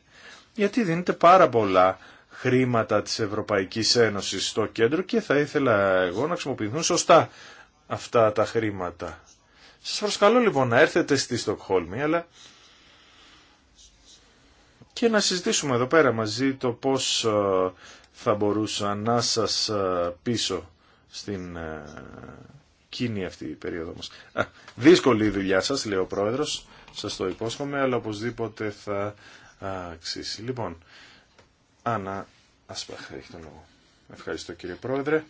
Γιατί δίνετε πάρα πολλά χρήματα της Ευρωπαϊκής Ένωσης στο κέντρο και θα ήθελα εγώ να χρησιμοποιηθούν σωστά αυτά τα χρήματα. Σας προσκαλώ λοιπόν να έρθετε στη Στοκχόλμη αλλά και να συζητήσουμε εδώ πέρα μαζί το πώς ε, θα μπορούσα να σας ε, πίσω στην ε, κίνη αυτή η περίοδο μας. Α, δύσκολη η δουλειά σας, λέει ο Πρόεδρος, σας το υπόσχομαι, αλλά οπωσδήποτε θα αξίσει. Λοιπόν, Άννα Ασπαχ, έχει τον Ευχαριστώ κύριε Πρόεδρε.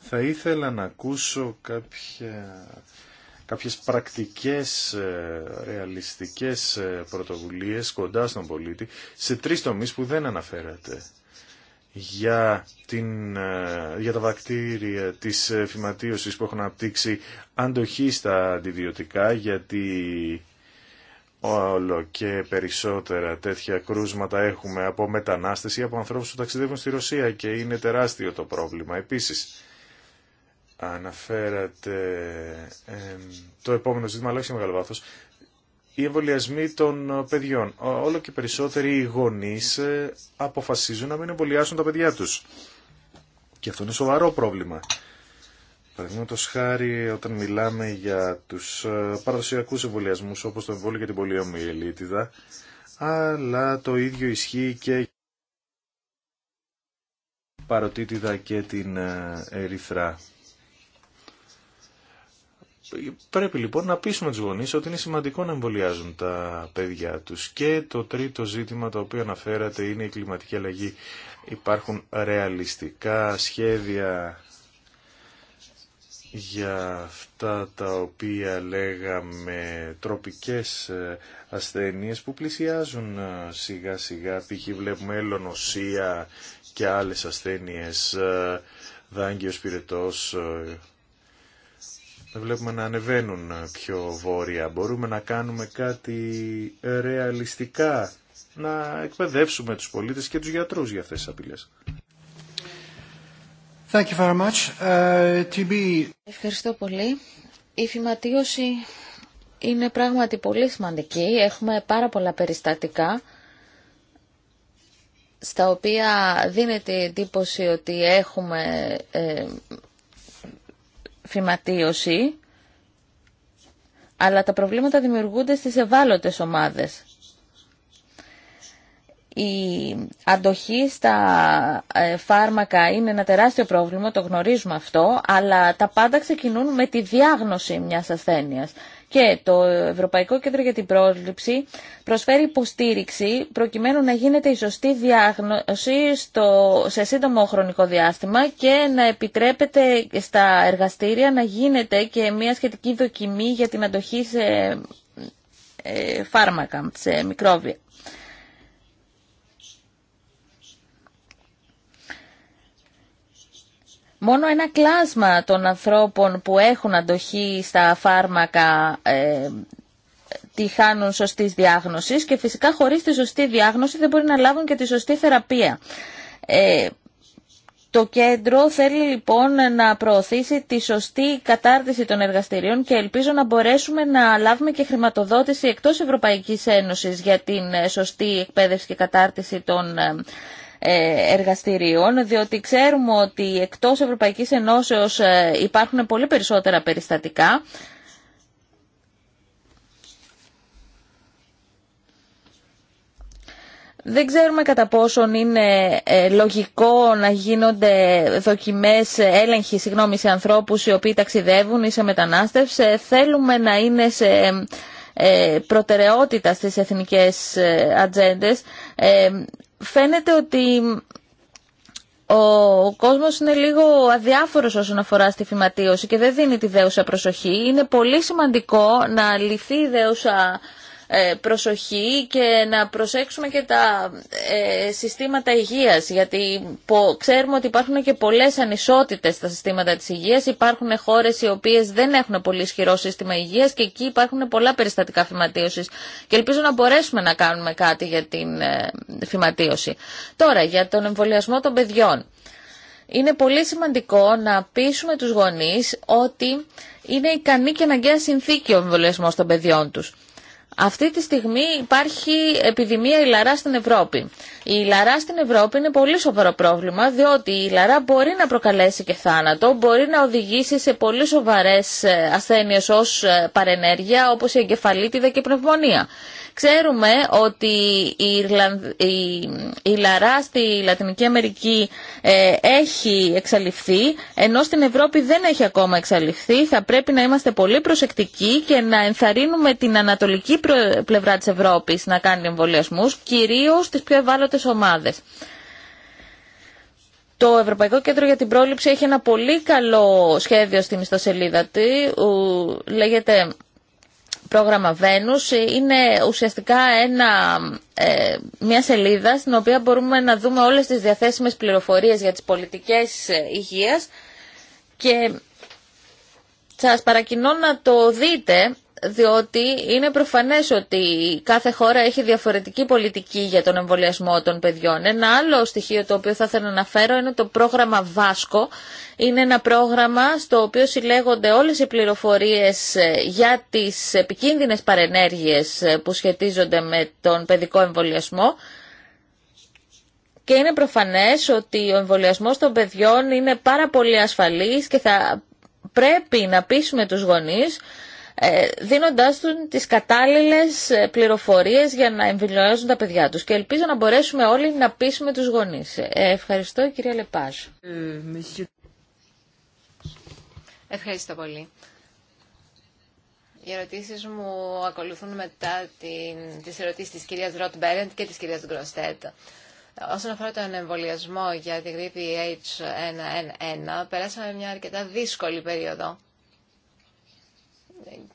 Θα ήθελα να ακούσω κάποια, κάποιες πρακτικές, ε, ρεαλιστικές ε, πρωτοβουλίες κοντά στον πολίτη σε τρεις τομείς που δεν αναφέρατε. Για, την, ε, για τα βακτήρια της φυματίωσης που έχουν απτύξει αντοχή στα αντιβιωτικά γιατί όλο και περισσότερα τέτοια κρούσματα έχουμε από μετανάστες ή από ανθρώπους που ταξιδεύουν στη Ρωσία και είναι τεράστιο το πρόβλημα. Επίσης, αναφέρατε το επόμενο ζήτημα, αλλά όχι σε μεγάλο βάθος, οι εμβολιασμοί των παιδιών. Όλο και περισσότεροι οι γονείς ε, αποφασίζουν να μην εμβολιάσουν τα παιδιά τους. Και αυτό είναι σοβαρό πρόβλημα. Παραδείγματο χάρη όταν μιλάμε για τους ε, παραδοσιακού εμβολιασμού όπως το εμβόλιο για την πολιομιελίτιδα, αλλά το ίδιο ισχύει και παροτίτιδα και την ε, ερυθρά. Πρέπει λοιπόν να πείσουμε τους γονείς ότι είναι σημαντικό να εμβολιάζουν τα παιδιά τους. Και το τρίτο ζήτημα το οποίο αναφέρατε είναι η κλιματική αλλαγή. Υπάρχουν ρεαλιστικά σχέδια για αυτά τα οποία λέγαμε τροπικές ε, ασθένειες που πλησιάζουν ε, σιγά σιγά π.χ. βλέπουμε ελονοσία και άλλες ασθένειες ε, δάγκιος πυρετός βλέπουμε να ανεβαίνουν πιο βόρεια μπορούμε να κάνουμε κάτι ρεαλιστικά να εκπαιδεύσουμε τους πολίτες και τους γιατρούς για αυτές τις απειλές Thank you very uh, Ευχαριστώ πολύ. Η φυματίωση είναι πράγματι πολύ σημαντική. Έχουμε πάρα πολλά περιστατικά στα οποία δίνεται εντύπωση ότι έχουμε ε, φυματίωση, αλλά τα προβλήματα δημιουργούνται στις ευάλωτες ομάδες η αντοχή στα ε, φάρμακα είναι ένα τεράστιο πρόβλημα, το γνωρίζουμε αυτό, αλλά τα πάντα ξεκινούν με τη διάγνωση μιας ασθένειας. Και το Ευρωπαϊκό Κέντρο για την Πρόληψη προσφέρει υποστήριξη προκειμένου να γίνεται η σωστή διάγνωση στο, σε σύντομο χρονικό διάστημα και να επιτρέπεται στα εργαστήρια να γίνεται και μια σχετική δοκιμή για την αντοχή σε ε, φάρμακα, σε μικρόβια. Μόνο ένα κλάσμα των ανθρώπων που έχουν αντοχή στα φάρμακα ε, τη χάνουν σωστή διαγνωση και φυσικά χωρίς τη σωστή διάγνωση δεν μπορεί να λάβουν και τη σωστή θεραπεία. Ε, το κέντρο θέλει λοιπόν να προωθήσει τη σωστή κατάρτιση των εργαστηρίων και ελπίζω να μπορέσουμε να λάβουμε και χρηματοδότηση εκτός Ευρωπαϊκής Ένωσης για την ε, σωστή εκπαίδευση και κατάρτιση των ε, ε, εργαστηρίων, διότι ξέρουμε ότι εκτός Ευρωπαϊκής Ενώσεως ε, υπάρχουν πολύ περισσότερα περιστατικά. Δεν ξέρουμε κατά πόσον είναι ε, λογικό να γίνονται δοκιμές έλεγχη συγγνώμη, σε ανθρώπους οι οποίοι ταξιδεύουν ή σε μετανάστευση. Θέλουμε να είναι σε ε, προτεραιότητα στις εθνικές ε, ατζέντες, ε, φαίνεται ότι ο κόσμος είναι λίγο αδιάφορος όσον αφορά στη φυματίωση και δεν δίνει τη δέουσα προσοχή. Είναι πολύ σημαντικό να λυθεί η δέουσα ε, προσοχή και να προσέξουμε και τα ε, συστήματα υγείας γιατί ξέρουμε ότι υπάρχουν και πολλές ανισότητες στα συστήματα της υγείας υπάρχουν χώρες οι οποίες δεν έχουν πολύ ισχυρό σύστημα υγείας και εκεί υπάρχουν πολλά περιστατικά φυματίωσης και ελπίζω να μπορέσουμε να κάνουμε κάτι για την ε, φυματίωση. Τώρα για τον εμβολιασμό των παιδιών. Είναι πολύ σημαντικό να πείσουμε τους γονείς ότι είναι ικανή και αναγκαία συνθήκη ο εμβολιασμό των παιδιών τους. Αυτή τη στιγμή υπάρχει επιδημία ηλαρά στην Ευρώπη. Η ηλαρά στην Ευρώπη είναι πολύ σοβαρό πρόβλημα, διότι η ηλαρά μπορεί να προκαλέσει και θάνατο, μπορεί να οδηγήσει σε πολύ σοβαρές ε, ασθένειες ως ε, παρενέργεια, όπως η εγκεφαλίτιδα και η πνευμονία. Ξέρουμε ότι η, Ιρλανδ... η... η Λαρά στη Λατινική Αμερική ε, έχει εξαλειφθεί, ενώ στην Ευρώπη δεν έχει ακόμα εξαλειφθεί. Θα πρέπει να είμαστε πολύ προσεκτικοί και να ενθαρρύνουμε την ανατολική πλευρά της Ευρώπης να κάνει εμβολιασμούς, κυρίως τις πιο ευάλωτες ομάδες. Το Ευρωπαϊκό Κέντρο για την Πρόληψη έχει ένα πολύ καλό σχέδιο στην ιστοσελίδα του. Λέγεται πρόγραμμα Venus ε, είναι ουσιαστικά ένα, ε, μια σελίδα στην οποία μπορούμε να δούμε όλες τις διαθέσιμες πληροφορίες για τις πολιτικές ε, υγείας και σας παρακινώ να το δείτε διότι είναι προφανές ότι κάθε χώρα έχει διαφορετική πολιτική για τον εμβολιασμό των παιδιών. Ένα άλλο στοιχείο το οποίο θα ήθελα να αναφέρω είναι το πρόγραμμα Βάσκο. Είναι ένα πρόγραμμα στο οποίο συλλέγονται όλες οι πληροφορίες ε, για τις επικίνδυνες παρενέργειες ε, που σχετίζονται με τον παιδικό εμβολιασμό. Και είναι προφανές ότι ο εμβολιασμός των παιδιών είναι πάρα πολύ ασφαλής και θα πρέπει να πείσουμε τους γονείς ε, δίνοντάς τους τις κατάλληλες ε, πληροφορίες για να εμβυλιάζουν τα παιδιά τους. Και ελπίζω να μπορέσουμε όλοι να πείσουμε τους γονείς. Ε, ευχαριστώ κυρία Λεπάζ. Ευχαριστώ πολύ. Οι ερωτήσει μου ακολουθούν μετά την, τις ερωτήσεις της κυρίας Ροτ Μπέρεντ και της κυρίας Γκροστέτ. Όσον αφορά τον εμβολιασμό για τη γρήπη H1N1, περάσαμε μια αρκετά δύσκολη περίοδο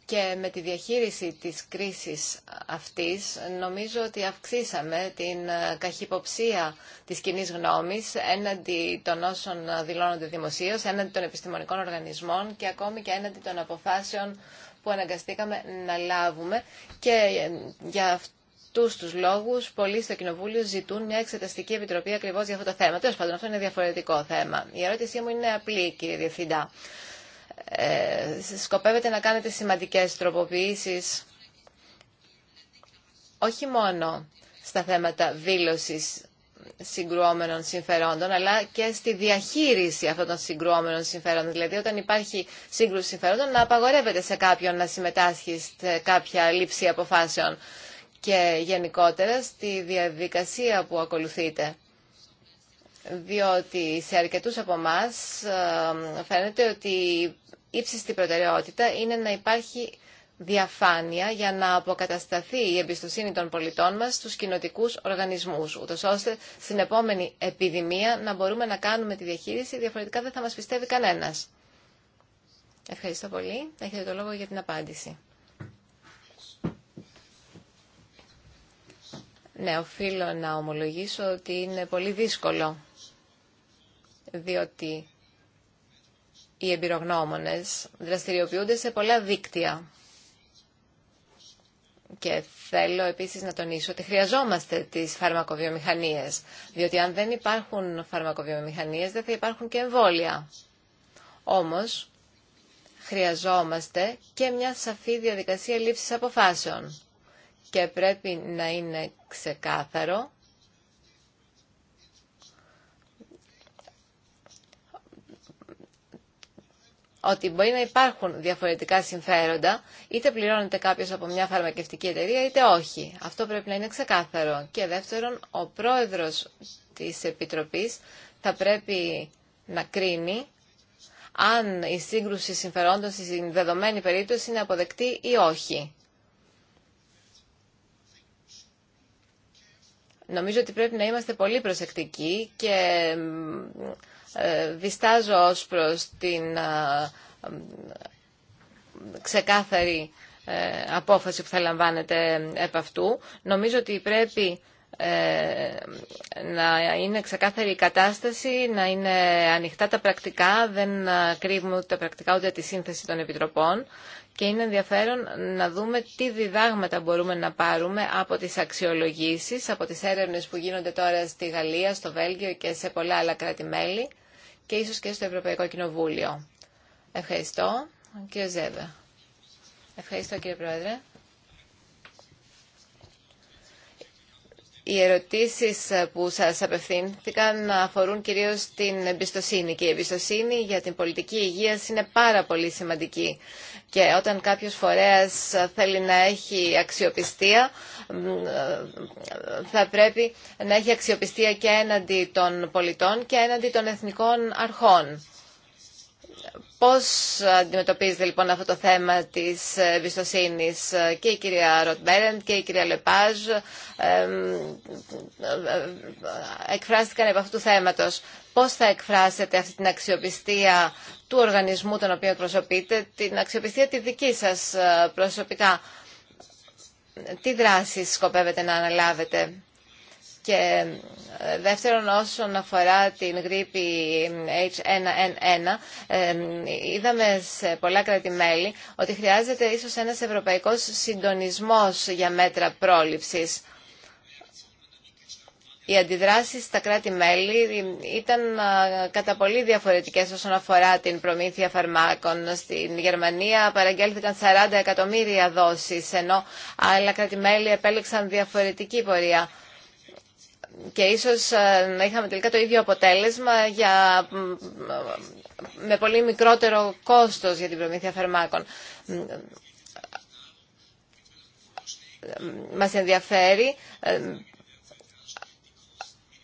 και με τη διαχείριση της κρίσης αυτής νομίζω ότι αυξήσαμε την ε, καχυποψία της κοινή γνώμης έναντι των όσων δηλώνονται δημοσίως, έναντι των επιστημονικών οργανισμών και ακόμη και έναντι των αποφάσεων που αναγκαστήκαμε να λάβουμε και ε, για αυτό αυτού του λόγου πολλοί στο Κοινοβούλιο ζητούν μια εξεταστική επιτροπή ακριβώ για αυτό το θέμα. Τέλο πάντων, αυτό είναι διαφορετικό θέμα. Η ερώτησή μου είναι απλή, κύριε Διευθυντά. Ε, σκοπεύετε να κάνετε σημαντικές τροποποιήσεις όχι μόνο στα θέματα δήλωσης συγκρουόμενων συμφερόντων, αλλά και στη διαχείριση αυτών των συγκρουόμενων συμφερόντων. Δηλαδή, όταν υπάρχει σύγκρουση συμφερόντων, να απαγορεύεται σε κάποιον να συμμετάσχει σε κάποια λήψη αποφάσεων και γενικότερα στη διαδικασία που ακολουθείτε διότι σε αρκετούς από εμά ε, φαίνεται ότι η ύψιστη προτεραιότητα είναι να υπάρχει διαφάνεια για να αποκατασταθεί η εμπιστοσύνη των πολιτών μας στους κοινοτικούς οργανισμούς, ούτως ώστε στην επόμενη επιδημία να μπορούμε να κάνουμε τη διαχείριση, διαφορετικά δεν θα μας πιστεύει κανένας. Ευχαριστώ πολύ. Έχετε το λόγο για την απάντηση. Ναι, οφείλω να ομολογήσω ότι είναι πολύ δύσκολο διότι οι εμπειρογνώμονες δραστηριοποιούνται σε πολλά δίκτυα. Και θέλω επίσης να τονίσω ότι χρειαζόμαστε τις φαρμακοβιομηχανίες, διότι αν δεν υπάρχουν φαρμακοβιομηχανίες δεν θα υπάρχουν και εμβόλια. Όμως, χρειαζόμαστε και μια σαφή διαδικασία λήψης αποφάσεων. Και πρέπει να είναι ξεκάθαρο ότι μπορεί να υπάρχουν διαφορετικά συμφέροντα, είτε πληρώνεται κάποιο από μια φαρμακευτική εταιρεία είτε όχι. Αυτό πρέπει να είναι ξεκάθαρο. Και δεύτερον, ο πρόεδρο τη Επιτροπή θα πρέπει να κρίνει αν η σύγκρουση συμφερόντων στη δεδομένη περίπτωση είναι αποδεκτή ή όχι. Νομίζω ότι πρέπει να είμαστε πολύ προσεκτικοί και ε, διστάζω ως προς την ε, ε, ξεκάθαρη απόφαση που θα λαμβάνετε επ' αυτού. Νομίζω ότι πρέπει ε, να είναι ξεκάθαρη η κατάσταση, να είναι ανοιχτά τα πρακτικά, δεν κρύβουμε ούτε τα πρακτικά ούτε τη σύνθεση των επιτροπών και είναι ενδιαφέρον να δούμε τι διδάγματα μπορούμε να πάρουμε από τις αξιολογήσεις, από τις έρευνες που γίνονται τώρα στη Γαλλία, στο Βέλγιο και σε πολλά άλλα κράτη-μέλη και ίσως και στο Ευρωπαϊκό Κοινοβούλιο. Ευχαριστώ. Κύριε Ζέβε. Ευχαριστώ κύριε Πρόεδρε. Οι ερωτήσεις ε, που σας απευθύνθηκαν αφορούν κυρίως την εμπιστοσύνη και η εμπιστοσύνη για την πολιτική υγεία είναι πάρα πολύ σημαντική και όταν κάποιος φορέας θέλει να έχει αξιοπιστία ε, θα πρέπει να έχει αξιοπιστία και έναντι των πολιτών και έναντι των εθνικών αρχών. Πώς αντιμετωπίζετε λοιπόν αυτό το θέμα της εμπιστοσύνη και η κυρία Ροτμπέρεντ και η κυρία Λεπάζ ε, ε, ε, εκφράστηκαν από αυτού του θέματος. Πώς θα εκφράσετε αυτή την αξιοπιστία του οργανισμού τον οποίο προσωπείτε, την αξιοπιστία τη δική σας προσωπικά. Τι δράσεις σκοπεύετε να αναλάβετε. Και ε, δεύτερον, όσον αφορά την γρήπη H1N1, ε, είδαμε σε πολλά κράτη-μέλη ότι χρειάζεται ίσως ένας ευρωπαϊκός συντονισμός για μέτρα πρόληψης. Οι αντιδράσεις στα κράτη-μέλη ήταν ε, κατά πολύ διαφορετικές όσον αφορά την προμήθεια φαρμάκων. Στην Γερμανία παραγγέλθηκαν 40 εκατομμύρια δόσεις, ενώ άλλα κράτη-μέλη επέλεξαν διαφορετική πορεία και ίσως ε, να είχαμε τελικά το ίδιο αποτέλεσμα για, με πολύ μικρότερο κόστος για την προμήθεια φαρμάκων. Μας ενδιαφέρει ε,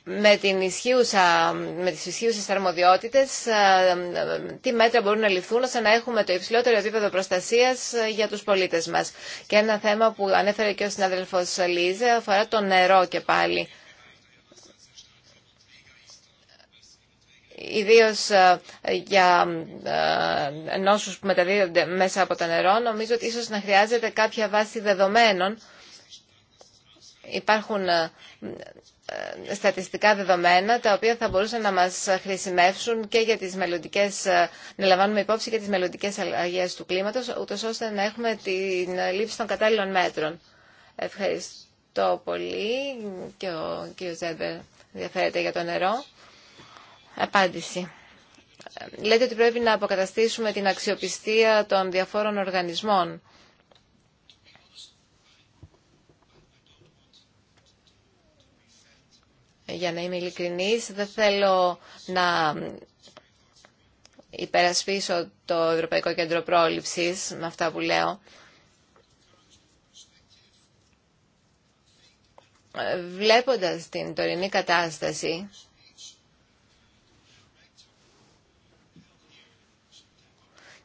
με, την ισχύουσα, με τις ισχύουσες αρμοδιότητες ε, τι μέτρα μπορούν να ληφθούν ώστε να έχουμε το υψηλότερο επίπεδο προστασίας για τους πολίτες μας. Και ένα θέμα που ανέφερε και ο συνάδελφος Λίζε αφορά το νερό και πάλι. ιδίως ε, για ε, νόσους που μεταδίδονται μέσα από το νερό, νομίζω ότι ίσως να χρειάζεται κάποια βάση δεδομένων. Υπάρχουν ε, στατιστικά δεδομένα τα οποία θα μπορούσαν να μας χρησιμεύσουν και για τις μελλοντικές, να λαμβάνουμε υπόψη και τις μελλοντικές αλλαγές του κλίματος, ούτως ώστε να έχουμε την λήψη των κατάλληλων μέτρων. Ευχαριστώ πολύ και ο κ. Ζέμπερ ενδιαφέρεται για το νερό. Απάντηση. Λέτε ότι πρέπει να αποκαταστήσουμε την αξιοπιστία των διαφόρων οργανισμών. Για να είμαι ειλικρινής, δεν θέλω να υπερασπίσω το Ευρωπαϊκό Κέντρο Πρόληψης με αυτά που λέω. Βλέποντας την τωρινή κατάσταση,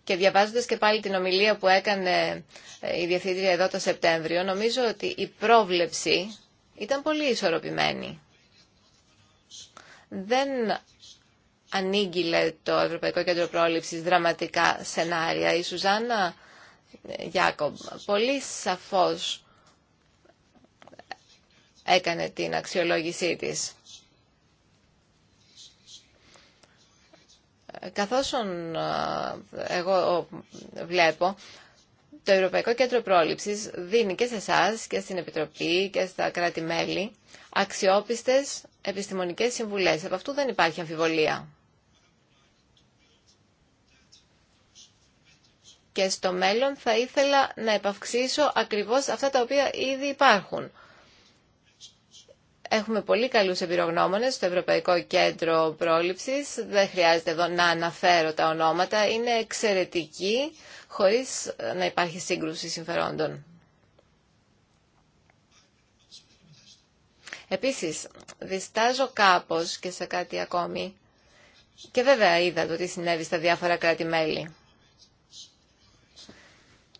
Και διαβάζοντας και πάλι την ομιλία που έκανε ε, η Διευθύντρια εδώ το Σεπτέμβριο, νομίζω ότι η πρόβλεψη ήταν πολύ ισορροπημένη. Δεν ανήγγειλε το Ευρωπαϊκό Κέντρο Πρόληψης δραματικά σενάρια. Η Σουζάννα ε, Γιάκομ πολύ σαφώς έκανε την αξιολόγησή της. Καθώς εγώ βλέπω, το Ευρωπαϊκό Κέντρο Πρόληψης δίνει και σε εσά και στην Επιτροπή και στα κράτη-μέλη αξιόπιστες επιστημονικές συμβουλές. Από αυτού δεν υπάρχει αμφιβολία. Και στο μέλλον θα ήθελα να επαυξήσω ακριβώς αυτά τα οποία ήδη υπάρχουν. Έχουμε πολύ καλούς εμπειρογνώμονες στο Ευρωπαϊκό Κέντρο Πρόληψης. Δεν χρειάζεται εδώ να αναφέρω τα ονόματα. Είναι εξαιρετικοί χωρίς να υπάρχει σύγκρουση συμφερόντων. Επίσης, διστάζω κάπως και σε κάτι ακόμη. Και βέβαια είδα το τι συνέβη στα διάφορα κράτη-μέλη.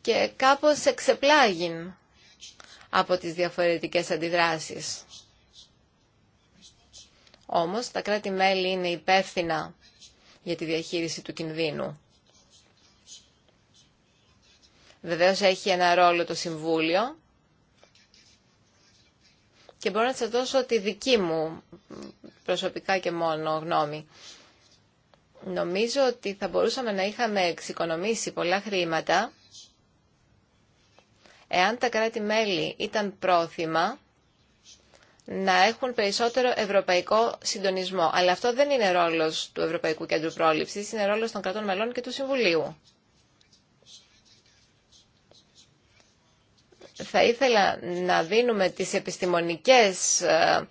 Και κάπως εξεπλάγην από τις διαφορετικές αντιδράσεις. Όμως τα κράτη-μέλη είναι υπεύθυνα για τη διαχείριση του κινδύνου. Βεβαίως έχει ένα ρόλο το Συμβούλιο και μπορώ να σας δώσω τη δική μου προσωπικά και μόνο γνώμη. Νομίζω ότι θα μπορούσαμε να είχαμε εξοικονομήσει πολλά χρήματα εάν τα κράτη-μέλη ήταν πρόθυμα να έχουν περισσότερο ευρωπαϊκό συντονισμό. Αλλά αυτό δεν είναι ρόλος του Ευρωπαϊκού Κέντρου Πρόληψης, είναι ρόλος των κρατών μελών και του Συμβουλίου. Θα ήθελα να δίνουμε τις επιστημονικές ε,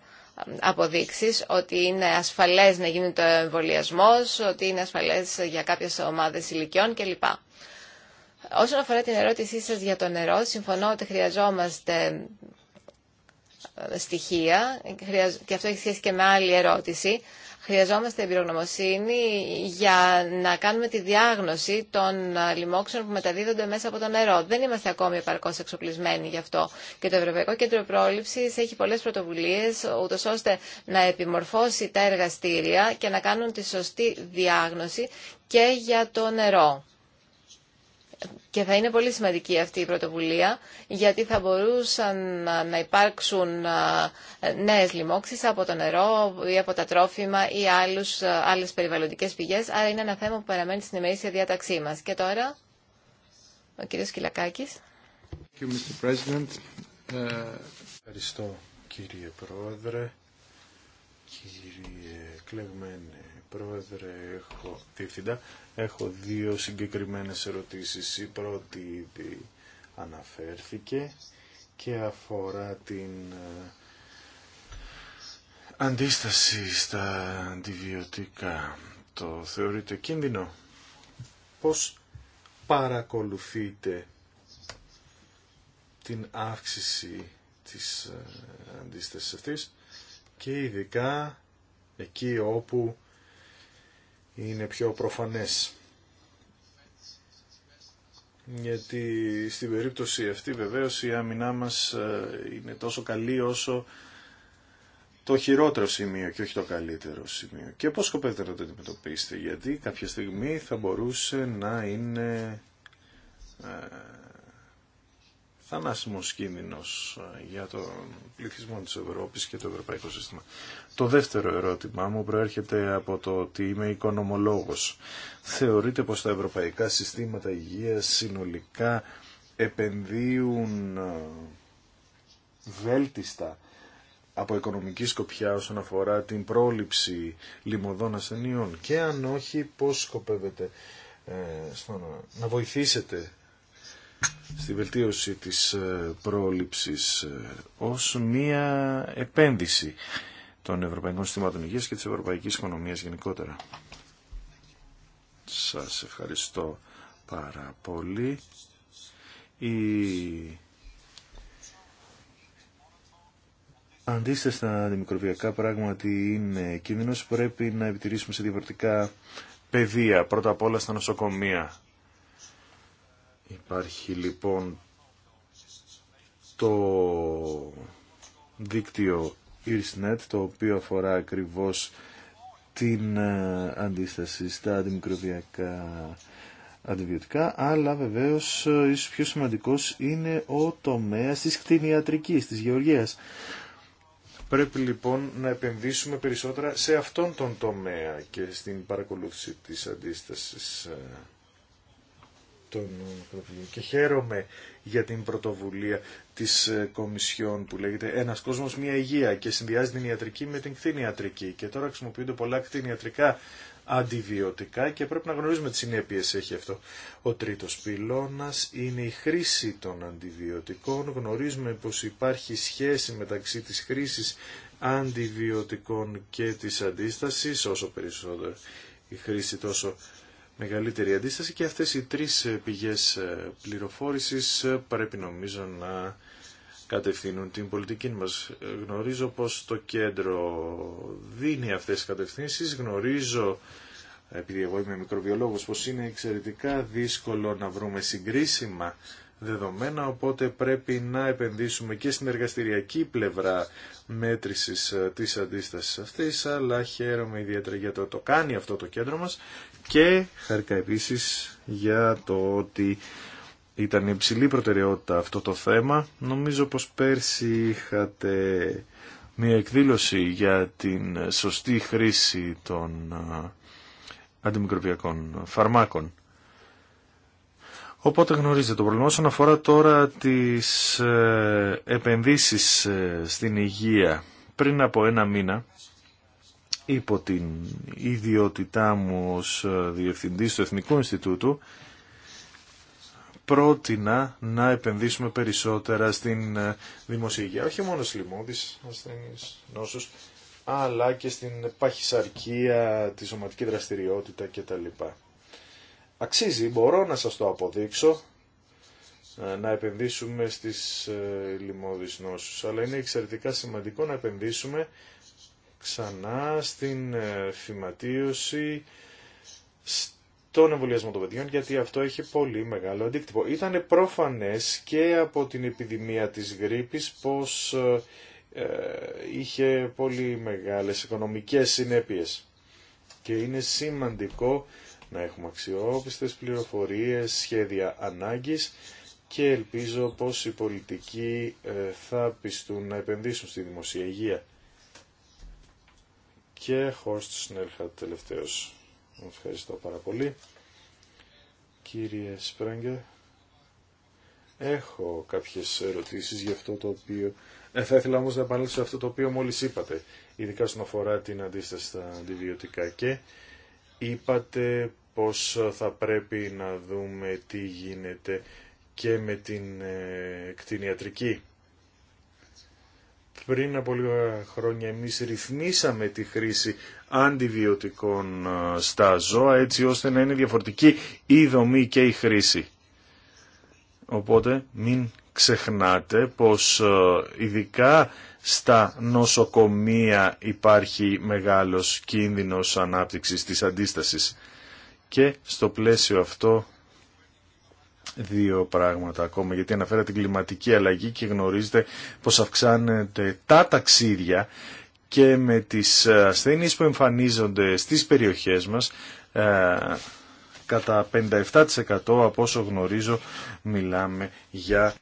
αποδείξεις ότι είναι ασφαλές να γίνει το εμβολιασμός, ότι είναι ασφαλές για κάποιες ομάδες ηλικιών κλπ. Όσον αφορά την ερώτησή σας για το νερό, συμφωνώ ότι χρειαζόμαστε στοιχεία και αυτό έχει σχέση και με άλλη ερώτηση. Χρειαζόμαστε εμπειρογνωμοσύνη για να κάνουμε τη διάγνωση των λοιμόξεων που μεταδίδονται μέσα από το νερό. Δεν είμαστε ακόμη επαρκώ εξοπλισμένοι γι' αυτό. Και το Ευρωπαϊκό Κέντρο Πρόληψη έχει πολλέ πρωτοβουλίε, ούτω ώστε να επιμορφώσει τα εργαστήρια και να κάνουν τη σωστή διάγνωση και για το νερό. Και θα είναι πολύ σημαντική αυτή η πρωτοβουλία, γιατί θα μπορούσαν να υπάρξουν νέες λοιμώξεις από το νερό ή από τα τρόφιμα ή άλλους, άλλες περιβαλλοντικές πηγές. Άρα είναι ένα θέμα που παραμένει στην ημερήσια διάταξή μας. Και τώρα, ο κύριος Κυλακάκης. Ε, Ευχαριστώ κύριε Πρόεδρε, κύριε Κλεγμένη Πρόεδρε, έχω Έχω δύο συγκεκριμένες ερωτήσεις. Η πρώτη ήδη αναφέρθηκε και αφορά την ε, αντίσταση στα αντιβιωτικά. Το θεωρείτε κίνδυνο. Πώς παρακολουθείτε την αύξηση της ε, αντίστασης αυτής και ειδικά εκεί όπου είναι πιο προφανές. Γιατί στην περίπτωση αυτή βεβαίως η άμυνά μας ε, είναι τόσο καλή όσο το χειρότερο σημείο και όχι το καλύτερο σημείο. Και πώς σκοπεύετε να το αντιμετωπίσετε, γιατί κάποια στιγμή θα μπορούσε να είναι ε, θανάσιμος κίνδυνος ε, για τον πληθυσμό της Ευρώπης και το ευρωπαϊκό σύστημα. Το δεύτερο ερώτημά μου προέρχεται από το ότι είμαι οικονομολόγος. Θεωρείτε πως τα ευρωπαϊκά συστήματα υγείας συνολικά επενδύουν ε, βέλτιστα από οικονομική σκοπιά όσον αφορά την πρόληψη λιμωδών ασθενειών και αν όχι πώς σκοπεύετε ε, να, να βοηθήσετε στη βελτίωση της ε, πρόληψης ε, ως μία επένδυση των Ευρωπαϊκών Συστημάτων Υγείας και της Ευρωπαϊκής Οικονομίας γενικότερα. Σας ευχαριστώ πάρα πολύ. Η... Αντίστοιχα, αντιμικροβιακά πράγματι είναι κίνδυνος, πρέπει να επιτηρήσουμε σε διαφορετικά πεδία πρώτα απ' όλα στα νοσοκομεία. Υπάρχει λοιπόν το δίκτυο Earsnet, το οποίο αφορά ακριβώς την ε, αντίσταση στα αντιμικροβιακά αντιβιωτικά, αλλά βεβαίως ε, ίσως πιο σημαντικός είναι ο τομέας της κτηνιατρικής, της γεωργίας. Πρέπει λοιπόν να επενδύσουμε περισσότερα σε αυτόν τον τομέα και στην παρακολούθηση της αντίστασης ε, τον Και χαίρομαι για την πρωτοβουλία της ε, Κομισιόν που λέγεται «Ένας κόσμος, μία υγεία» και συνδυάζει την ιατρική με την κτηνιατρική. Και τώρα χρησιμοποιούνται πολλά κτηνιατρικά αντιβιωτικά και πρέπει να γνωρίζουμε τι συνέπειε έχει αυτό. Ο τρίτος πυλώνας είναι η χρήση των αντιβιωτικών. Γνωρίζουμε πως υπάρχει σχέση μεταξύ της χρήσης αντιβιωτικών και της αντίστασης, όσο περισσότερο η χρήση τόσο μεγαλύτερη αντίσταση και αυτές οι τρεις ε, πηγές ε, πληροφόρησης ε, πρέπει νομίζω να κατευθύνουν την πολιτική μας. Γνωρίζω πως το κέντρο δίνει αυτές τις κατευθύνσεις, γνωρίζω επειδή εγώ είμαι μικροβιολόγος, πως είναι εξαιρετικά δύσκολο να βρούμε συγκρίσιμα δεδομένα, οπότε πρέπει να επενδύσουμε και στην εργαστηριακή πλευρά μέτρησης της αντίστασης αυτής, αλλά χαίρομαι ιδιαίτερα για το το κάνει αυτό το κέντρο μας και χαρικά επίσης για το ότι ήταν υψηλή προτεραιότητα αυτό το θέμα. Νομίζω πως πέρσι είχατε μια εκδήλωση για την σωστή χρήση των αντιμικροβιακών φαρμάκων. Οπότε γνωρίζετε το πρόβλημα. Όσον αφορά τώρα τις ε, επενδύσεις ε, στην υγεία, πριν από ένα μήνα υπό την ιδιότητά μου ως ε, διευθυντής του Εθνικού Ινστιτούτου πρότεινα να επενδύσουμε περισσότερα στην ε, δημοσιογεία, όχι μόνο στις λοιμώδεις ασθένειες νόσους, αλλά και στην παχυσαρκία, τη σωματική δραστηριότητα κτλ. Αξίζει, μπορώ να σας το αποδείξω, ε, να επενδύσουμε στις λοιμώδεις νόσους, αλλά είναι εξαιρετικά σημαντικό να επενδύσουμε ξανά στην ε, φυματίωση, στον εμβολιασμό των παιδιών, γιατί αυτό έχει πολύ μεγάλο αντίκτυπο. Ήταν πρόφανες και από την επιδημία της γρήπης πως ε, ε, είχε πολύ μεγάλες οικονομικές συνέπειες. Και είναι σημαντικό να έχουμε αξιόπιστες πληροφορίες, σχέδια ανάγκης και ελπίζω πως οι πολιτικοί θα πιστούν να επενδύσουν στη δημοσία υγεία και Χόρστ Σνέλχα τελευταίος. Ευχαριστώ πάρα πολύ. Κύριε Σπρέγγε, έχω κάποιες ερωτήσεις για αυτό το οποίο... Ε, θα ήθελα όμως να επανέλθω σε αυτό το οποίο μόλις είπατε, ειδικά στον αφορά την αντίσταση στα αντιβιωτικά και είπατε πως θα πρέπει να δούμε τι γίνεται και με την ε, κτηνιατρική πριν από λίγα χρόνια εμείς ρυθμίσαμε τη χρήση αντιβιωτικών ε, στα ζώα έτσι ώστε να είναι διαφορετική η δομή και η χρήση. Οπότε μην ξεχνάτε πως ε, ειδικά στα νοσοκομεία υπάρχει μεγάλος κίνδυνος ανάπτυξης της αντίστασης. Και στο πλαίσιο αυτό δύο πράγματα ακόμα, γιατί αναφέρατε την κλιματική αλλαγή και γνωρίζετε πως αυξάνεται τα ταξίδια και με τις ασθένειες που εμφανίζονται στις περιοχές μας ε, κατά 57% από όσο γνωρίζω μιλάμε για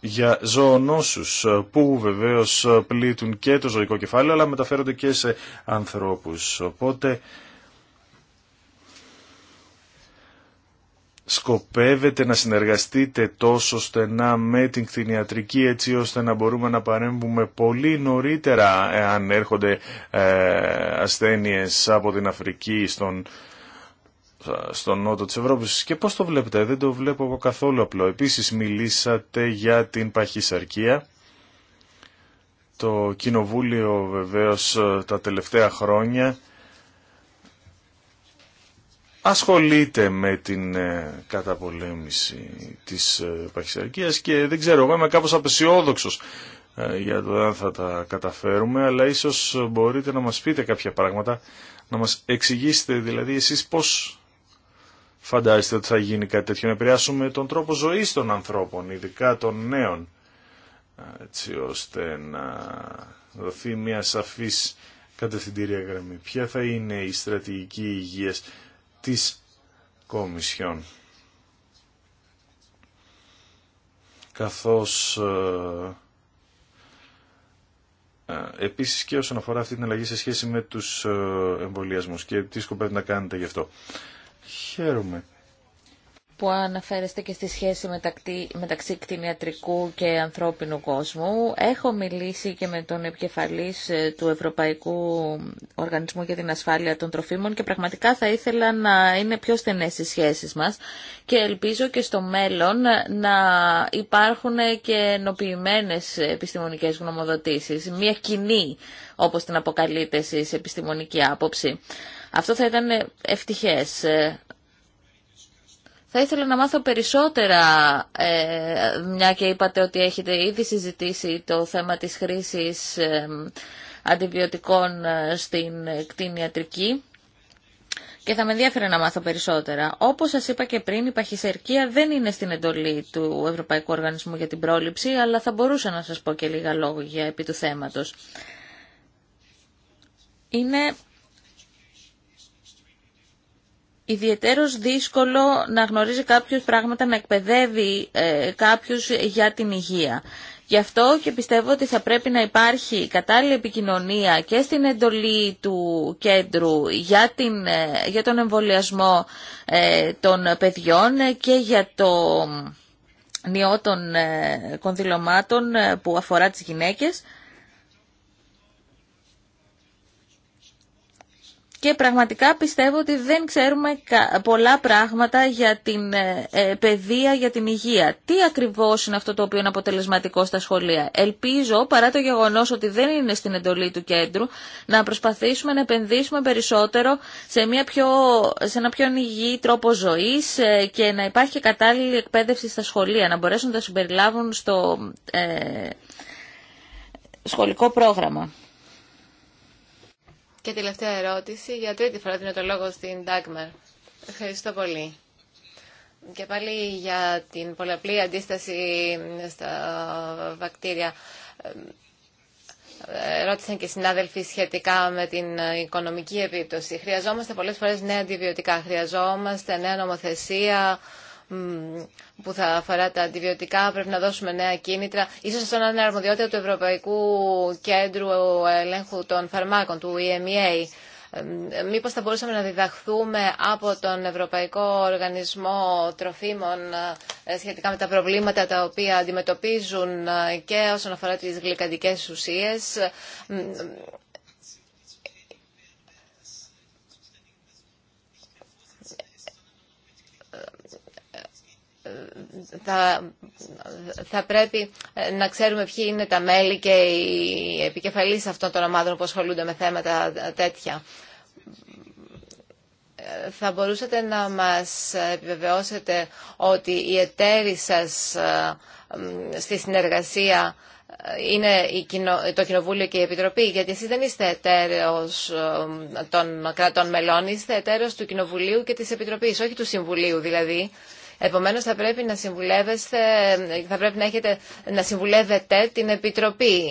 για ζωονόσους που βεβαίως πλήττουν και το ζωικό κεφάλαιο αλλά μεταφέρονται και σε ανθρώπους. Οπότε σκοπεύετε να συνεργαστείτε τόσο στενά με την κτηνιατρική έτσι ώστε να μπορούμε να παρέμβουμε πολύ νωρίτερα αν έρχονται ε, ασθένειες από την Αφρική στον, στον νότο της Ευρώπης και πώς το βλέπετε, δεν το βλέπω καθόλου απλό. Επίσης μιλήσατε για την παχυσαρκία. Το Κοινοβούλιο βεβαίως ε, τα τελευταία χρόνια ασχολείται με την ε, καταπολέμηση της ε, παχυσαρκίας και δεν ξέρω, εγώ είμαι κάπως απεσιόδοξος ε, για το αν θα τα καταφέρουμε, αλλά ίσως μπορείτε να μας πείτε κάποια πράγματα, να μας εξηγήσετε δηλαδή εσείς πώς φαντάζεστε ότι θα γίνει κάτι τέτοιο, να επηρεάσουμε τον τρόπο ζωής των ανθρώπων, ειδικά των νέων, έτσι ώστε να δοθεί μια σαφής κατευθυντήρια γραμμή. Ποια θα είναι η στρατηγική υγείας της Κομισιόν. Καθώς ε, ε, επίσης και όσον αφορά αυτή την αλλαγή σε σχέση με τους ε, εμβολιασμούς και τι σκοπεύετε να κάνετε γι' αυτό. Χαίρομαι που αναφέρεστε και στη σχέση μεταξύ, κτηνιατρικού και ανθρώπινου κόσμου. Έχω μιλήσει και με τον επικεφαλής ε, του Ευρωπαϊκού Οργανισμού για την Ασφάλεια των Τροφίμων και πραγματικά θα ήθελα να είναι πιο στενές οι σχέσεις μας και ελπίζω και στο μέλλον να υπάρχουν και ενοποιημένες επιστημονικές γνωμοδοτήσεις, μια κοινή όπως την αποκαλείτε εσείς επιστημονική άποψη. Αυτό θα ήταν ευτυχές. Ε, θα ήθελα να μάθω περισσότερα, ε, μια και είπατε ότι έχετε ήδη συζητήσει το θέμα της χρήσης ε, αντιβιωτικών ε, στην κτηνιατρική και θα με ενδιαφέρει να μάθω περισσότερα. Όπως σας είπα και πριν, η παχυσερκία δεν είναι στην εντολή του Ευρωπαϊκού Οργανισμού για την Πρόληψη, αλλά θα μπορούσα να σας πω και λίγα λόγια επί του θέματος. Είναι ιδιαίτερος δύσκολο να γνωρίζει κάποιους πράγματα, να εκπαιδεύει ε, κάποιους για την υγεία. Γι' αυτό και πιστεύω ότι θα πρέπει να υπάρχει κατάλληλη επικοινωνία και στην εντολή του κέντρου για, την, ε, για τον εμβολιασμό ε, των παιδιών και για το νιό των κονδυλωμάτων που αφορά τις γυναίκες. και πραγματικά πιστεύω ότι δεν ξέρουμε πολλά πράγματα για την ε, ε, παιδεία, για την υγεία. Τι ακριβώς είναι αυτό το οποίο είναι αποτελεσματικό στα σχολεία. Ελπίζω, παρά το γεγονός ότι δεν είναι στην εντολή του κέντρου, να προσπαθήσουμε να επενδύσουμε περισσότερο σε, μια πιο, σε ένα πιο υγιή τρόπο ζωής ε, και να υπάρχει κατάλληλη εκπαίδευση στα σχολεία, να μπορέσουν να τα συμπεριλάβουν στο σχολικό πρόγραμμα. Και τελευταία ερώτηση, για τρίτη φορά δίνω το λόγο στην Dagmar. Ευχαριστώ πολύ. Και πάλι για την πολλαπλή αντίσταση στα βακτήρια. Ε, ρώτησαν και οι συνάδελφοι σχετικά με την οικονομική επίπτωση. Χρειαζόμαστε πολλές φορές νέα αντιβιωτικά, χρειαζόμαστε νέα νομοθεσία, που θα αφορά τα αντιβιωτικά. Πρέπει να δώσουμε νέα κίνητρα. Ίσως αυτό να είναι αρμοδιότητα του Ευρωπαϊκού Κέντρου Ελέγχου των Φαρμάκων, του EMEA. Μήπως θα μπορούσαμε να διδαχθούμε από τον Ευρωπαϊκό Οργανισμό Τροφίμων ε, σχετικά με τα προβλήματα τα οποία αντιμετωπίζουν ε, και όσον αφορά τις γλυκαντικές ουσίες θα, θα πρέπει ε, να ξέρουμε ποιοι είναι τα μέλη και οι επικεφαλής αυτών των ομάδων που ασχολούνται με θέματα τέτοια. Ε, θα μπορούσατε να μας επιβεβαιώσετε ότι οι εταίροι σας ε, στη συνεργασία είναι το Κοινοβούλιο και η Επιτροπή, γιατί εσείς δεν είστε εταίρεος των κρατών μελών, είστε εταίρεος του Κοινοβουλίου και της Επιτροπής, όχι του Συμβουλίου δηλαδή. Επομένως θα πρέπει να συμβουλεύεστε, θα πρέπει να έχετε να συμβουλεύετε την Επιτροπή,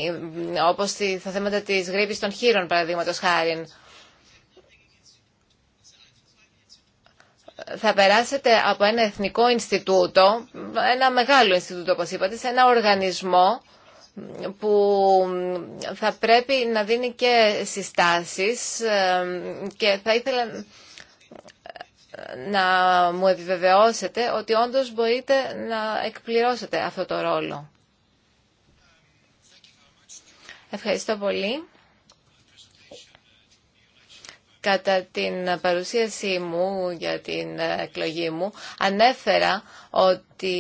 όπως θα θέματα της γρήπης των χείρων παραδείγματος χάρη. θα περάσετε από ένα εθνικό Ινστιτούτο, ένα μεγάλο Ινστιτούτο όπως είπατε, σε ένα οργανισμό που θα πρέπει να δίνει και συστάσεις ε, και θα ήθελα να μου επιβεβαιώσετε ότι όντως μπορείτε να εκπληρώσετε αυτό το ρόλο. Ευχαριστώ πολύ. Κατά την παρουσίασή μου για την εκλογή μου, ανέφερα ότι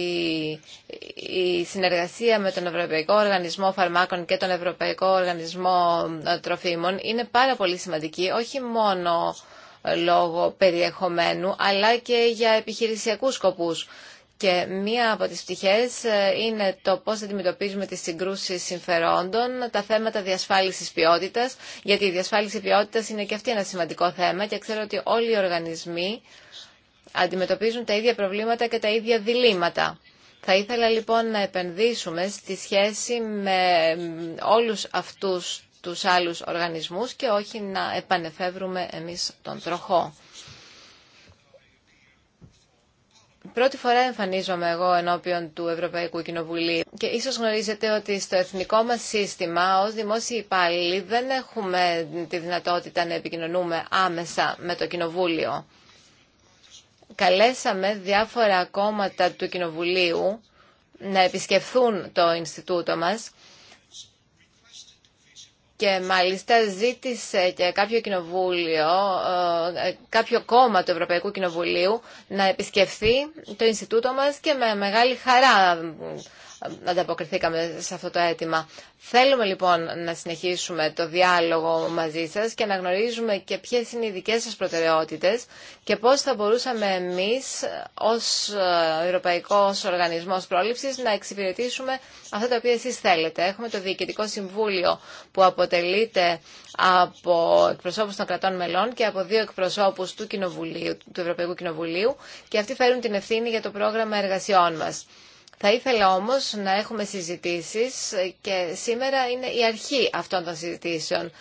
η συνεργασία με τον Ευρωπαϊκό Οργανισμό Φαρμάκων και τον Ευρωπαϊκό Οργανισμό Τροφίμων είναι πάρα πολύ σημαντική, όχι μόνο λόγω περιεχομένου, αλλά και για επιχειρησιακούς σκοπούς. Και μία από τις πτυχές ε, είναι το πώς αντιμετωπίζουμε τις συγκρούσεις συμφερόντων, τα θέματα διασφάλισης ποιότητας, γιατί η διασφάλιση ποιότητας είναι και αυτή ένα σημαντικό θέμα και ξέρω ότι όλοι οι οργανισμοί αντιμετωπίζουν τα ίδια προβλήματα και τα ίδια διλήμματα. Θα ήθελα λοιπόν να επενδύσουμε στη σχέση με όλους αυτούς τους άλλους οργανισμούς και όχι να επανεφεύρουμε εμείς τον τροχό. Πρώτη φορά εμφανίζομαι εγώ ενώπιον του Ευρωπαϊκού Κοινοβουλίου και ίσως γνωρίζετε ότι στο εθνικό μας σύστημα ως δημόσιοι υπάλληλοι δεν έχουμε τη δυνατότητα να επικοινωνούμε άμεσα με το Κοινοβούλιο. Καλέσαμε διάφορα κόμματα του Κοινοβουλίου να επισκεφθούν το Ινστιτούτο μας και μάλιστα ζήτησε και κάποιο κοινοβούλιο, ε, κάποιο κόμμα του Ευρωπαϊκού Κοινοβουλίου να επισκεφθεί το Ινστιτούτο μας και με μεγάλη χαρά ανταποκριθήκαμε σε αυτό το αίτημα. Θέλουμε λοιπόν να συνεχίσουμε το διάλογο μαζί σας και να γνωρίζουμε και ποιες είναι οι δικές σας προτεραιότητες και πώς θα μπορούσαμε εμείς ως ε, Ευρωπαϊκός Οργανισμός Πρόληψης να εξυπηρετήσουμε αυτά τα οποία εσείς θέλετε. Έχουμε το Διοικητικό Συμβούλιο που αποτελείται από εκπροσώπους των κρατών μελών και από δύο εκπροσώπους του, του Ευρωπαϊκού Κοινοβουλίου και αυτοί φέρουν την ευθύνη για το πρόγραμμα εργασιών μας. Θα ήθελα όμως να έχουμε συζητήσεις και σήμερα είναι η αρχή αυτών των συζητήσεων.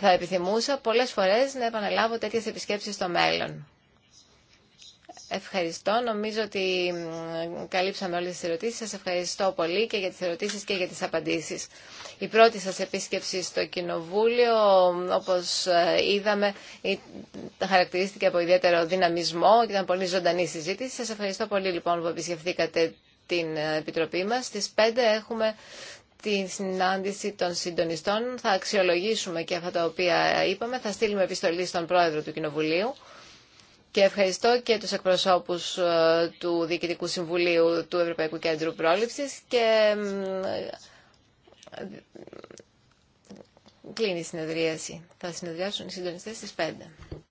Θα επιθυμούσα πολλές φορές να επαναλάβω τέτοιες επισκέψεις στο μέλλον. Ευχαριστώ. Νομίζω ότι καλύψαμε όλες τις ερωτήσεις. Σας ευχαριστώ πολύ και για τις ερωτήσεις και για τις απαντήσεις. Η πρώτη σας επίσκεψη στο Κοινοβούλιο, όπως ε, είδαμε, ε, χαρακτηρίστηκε από ιδιαίτερο δυναμισμό και ήταν πολύ ζωντανή συζήτηση. Σας ευχαριστώ πολύ λοιπόν που επισκεφθήκατε την ε, Επιτροπή μας. Στις 5 έχουμε τη συνάντηση των συντονιστών. Θα αξιολογήσουμε και αυτά τα οποία είπαμε. Θα στείλουμε επιστολή στον Πρόεδρο του Κοινοβουλίου. Και ευχαριστώ και τους εκπροσώπους ε, του Διοικητικού Συμβουλίου του Ευρωπαϊκού Κέντρου Πρόληψης και ε, κλείνει η συνεδρίαση. Θα συνεδριάσουν οι συντονιστές στις 5.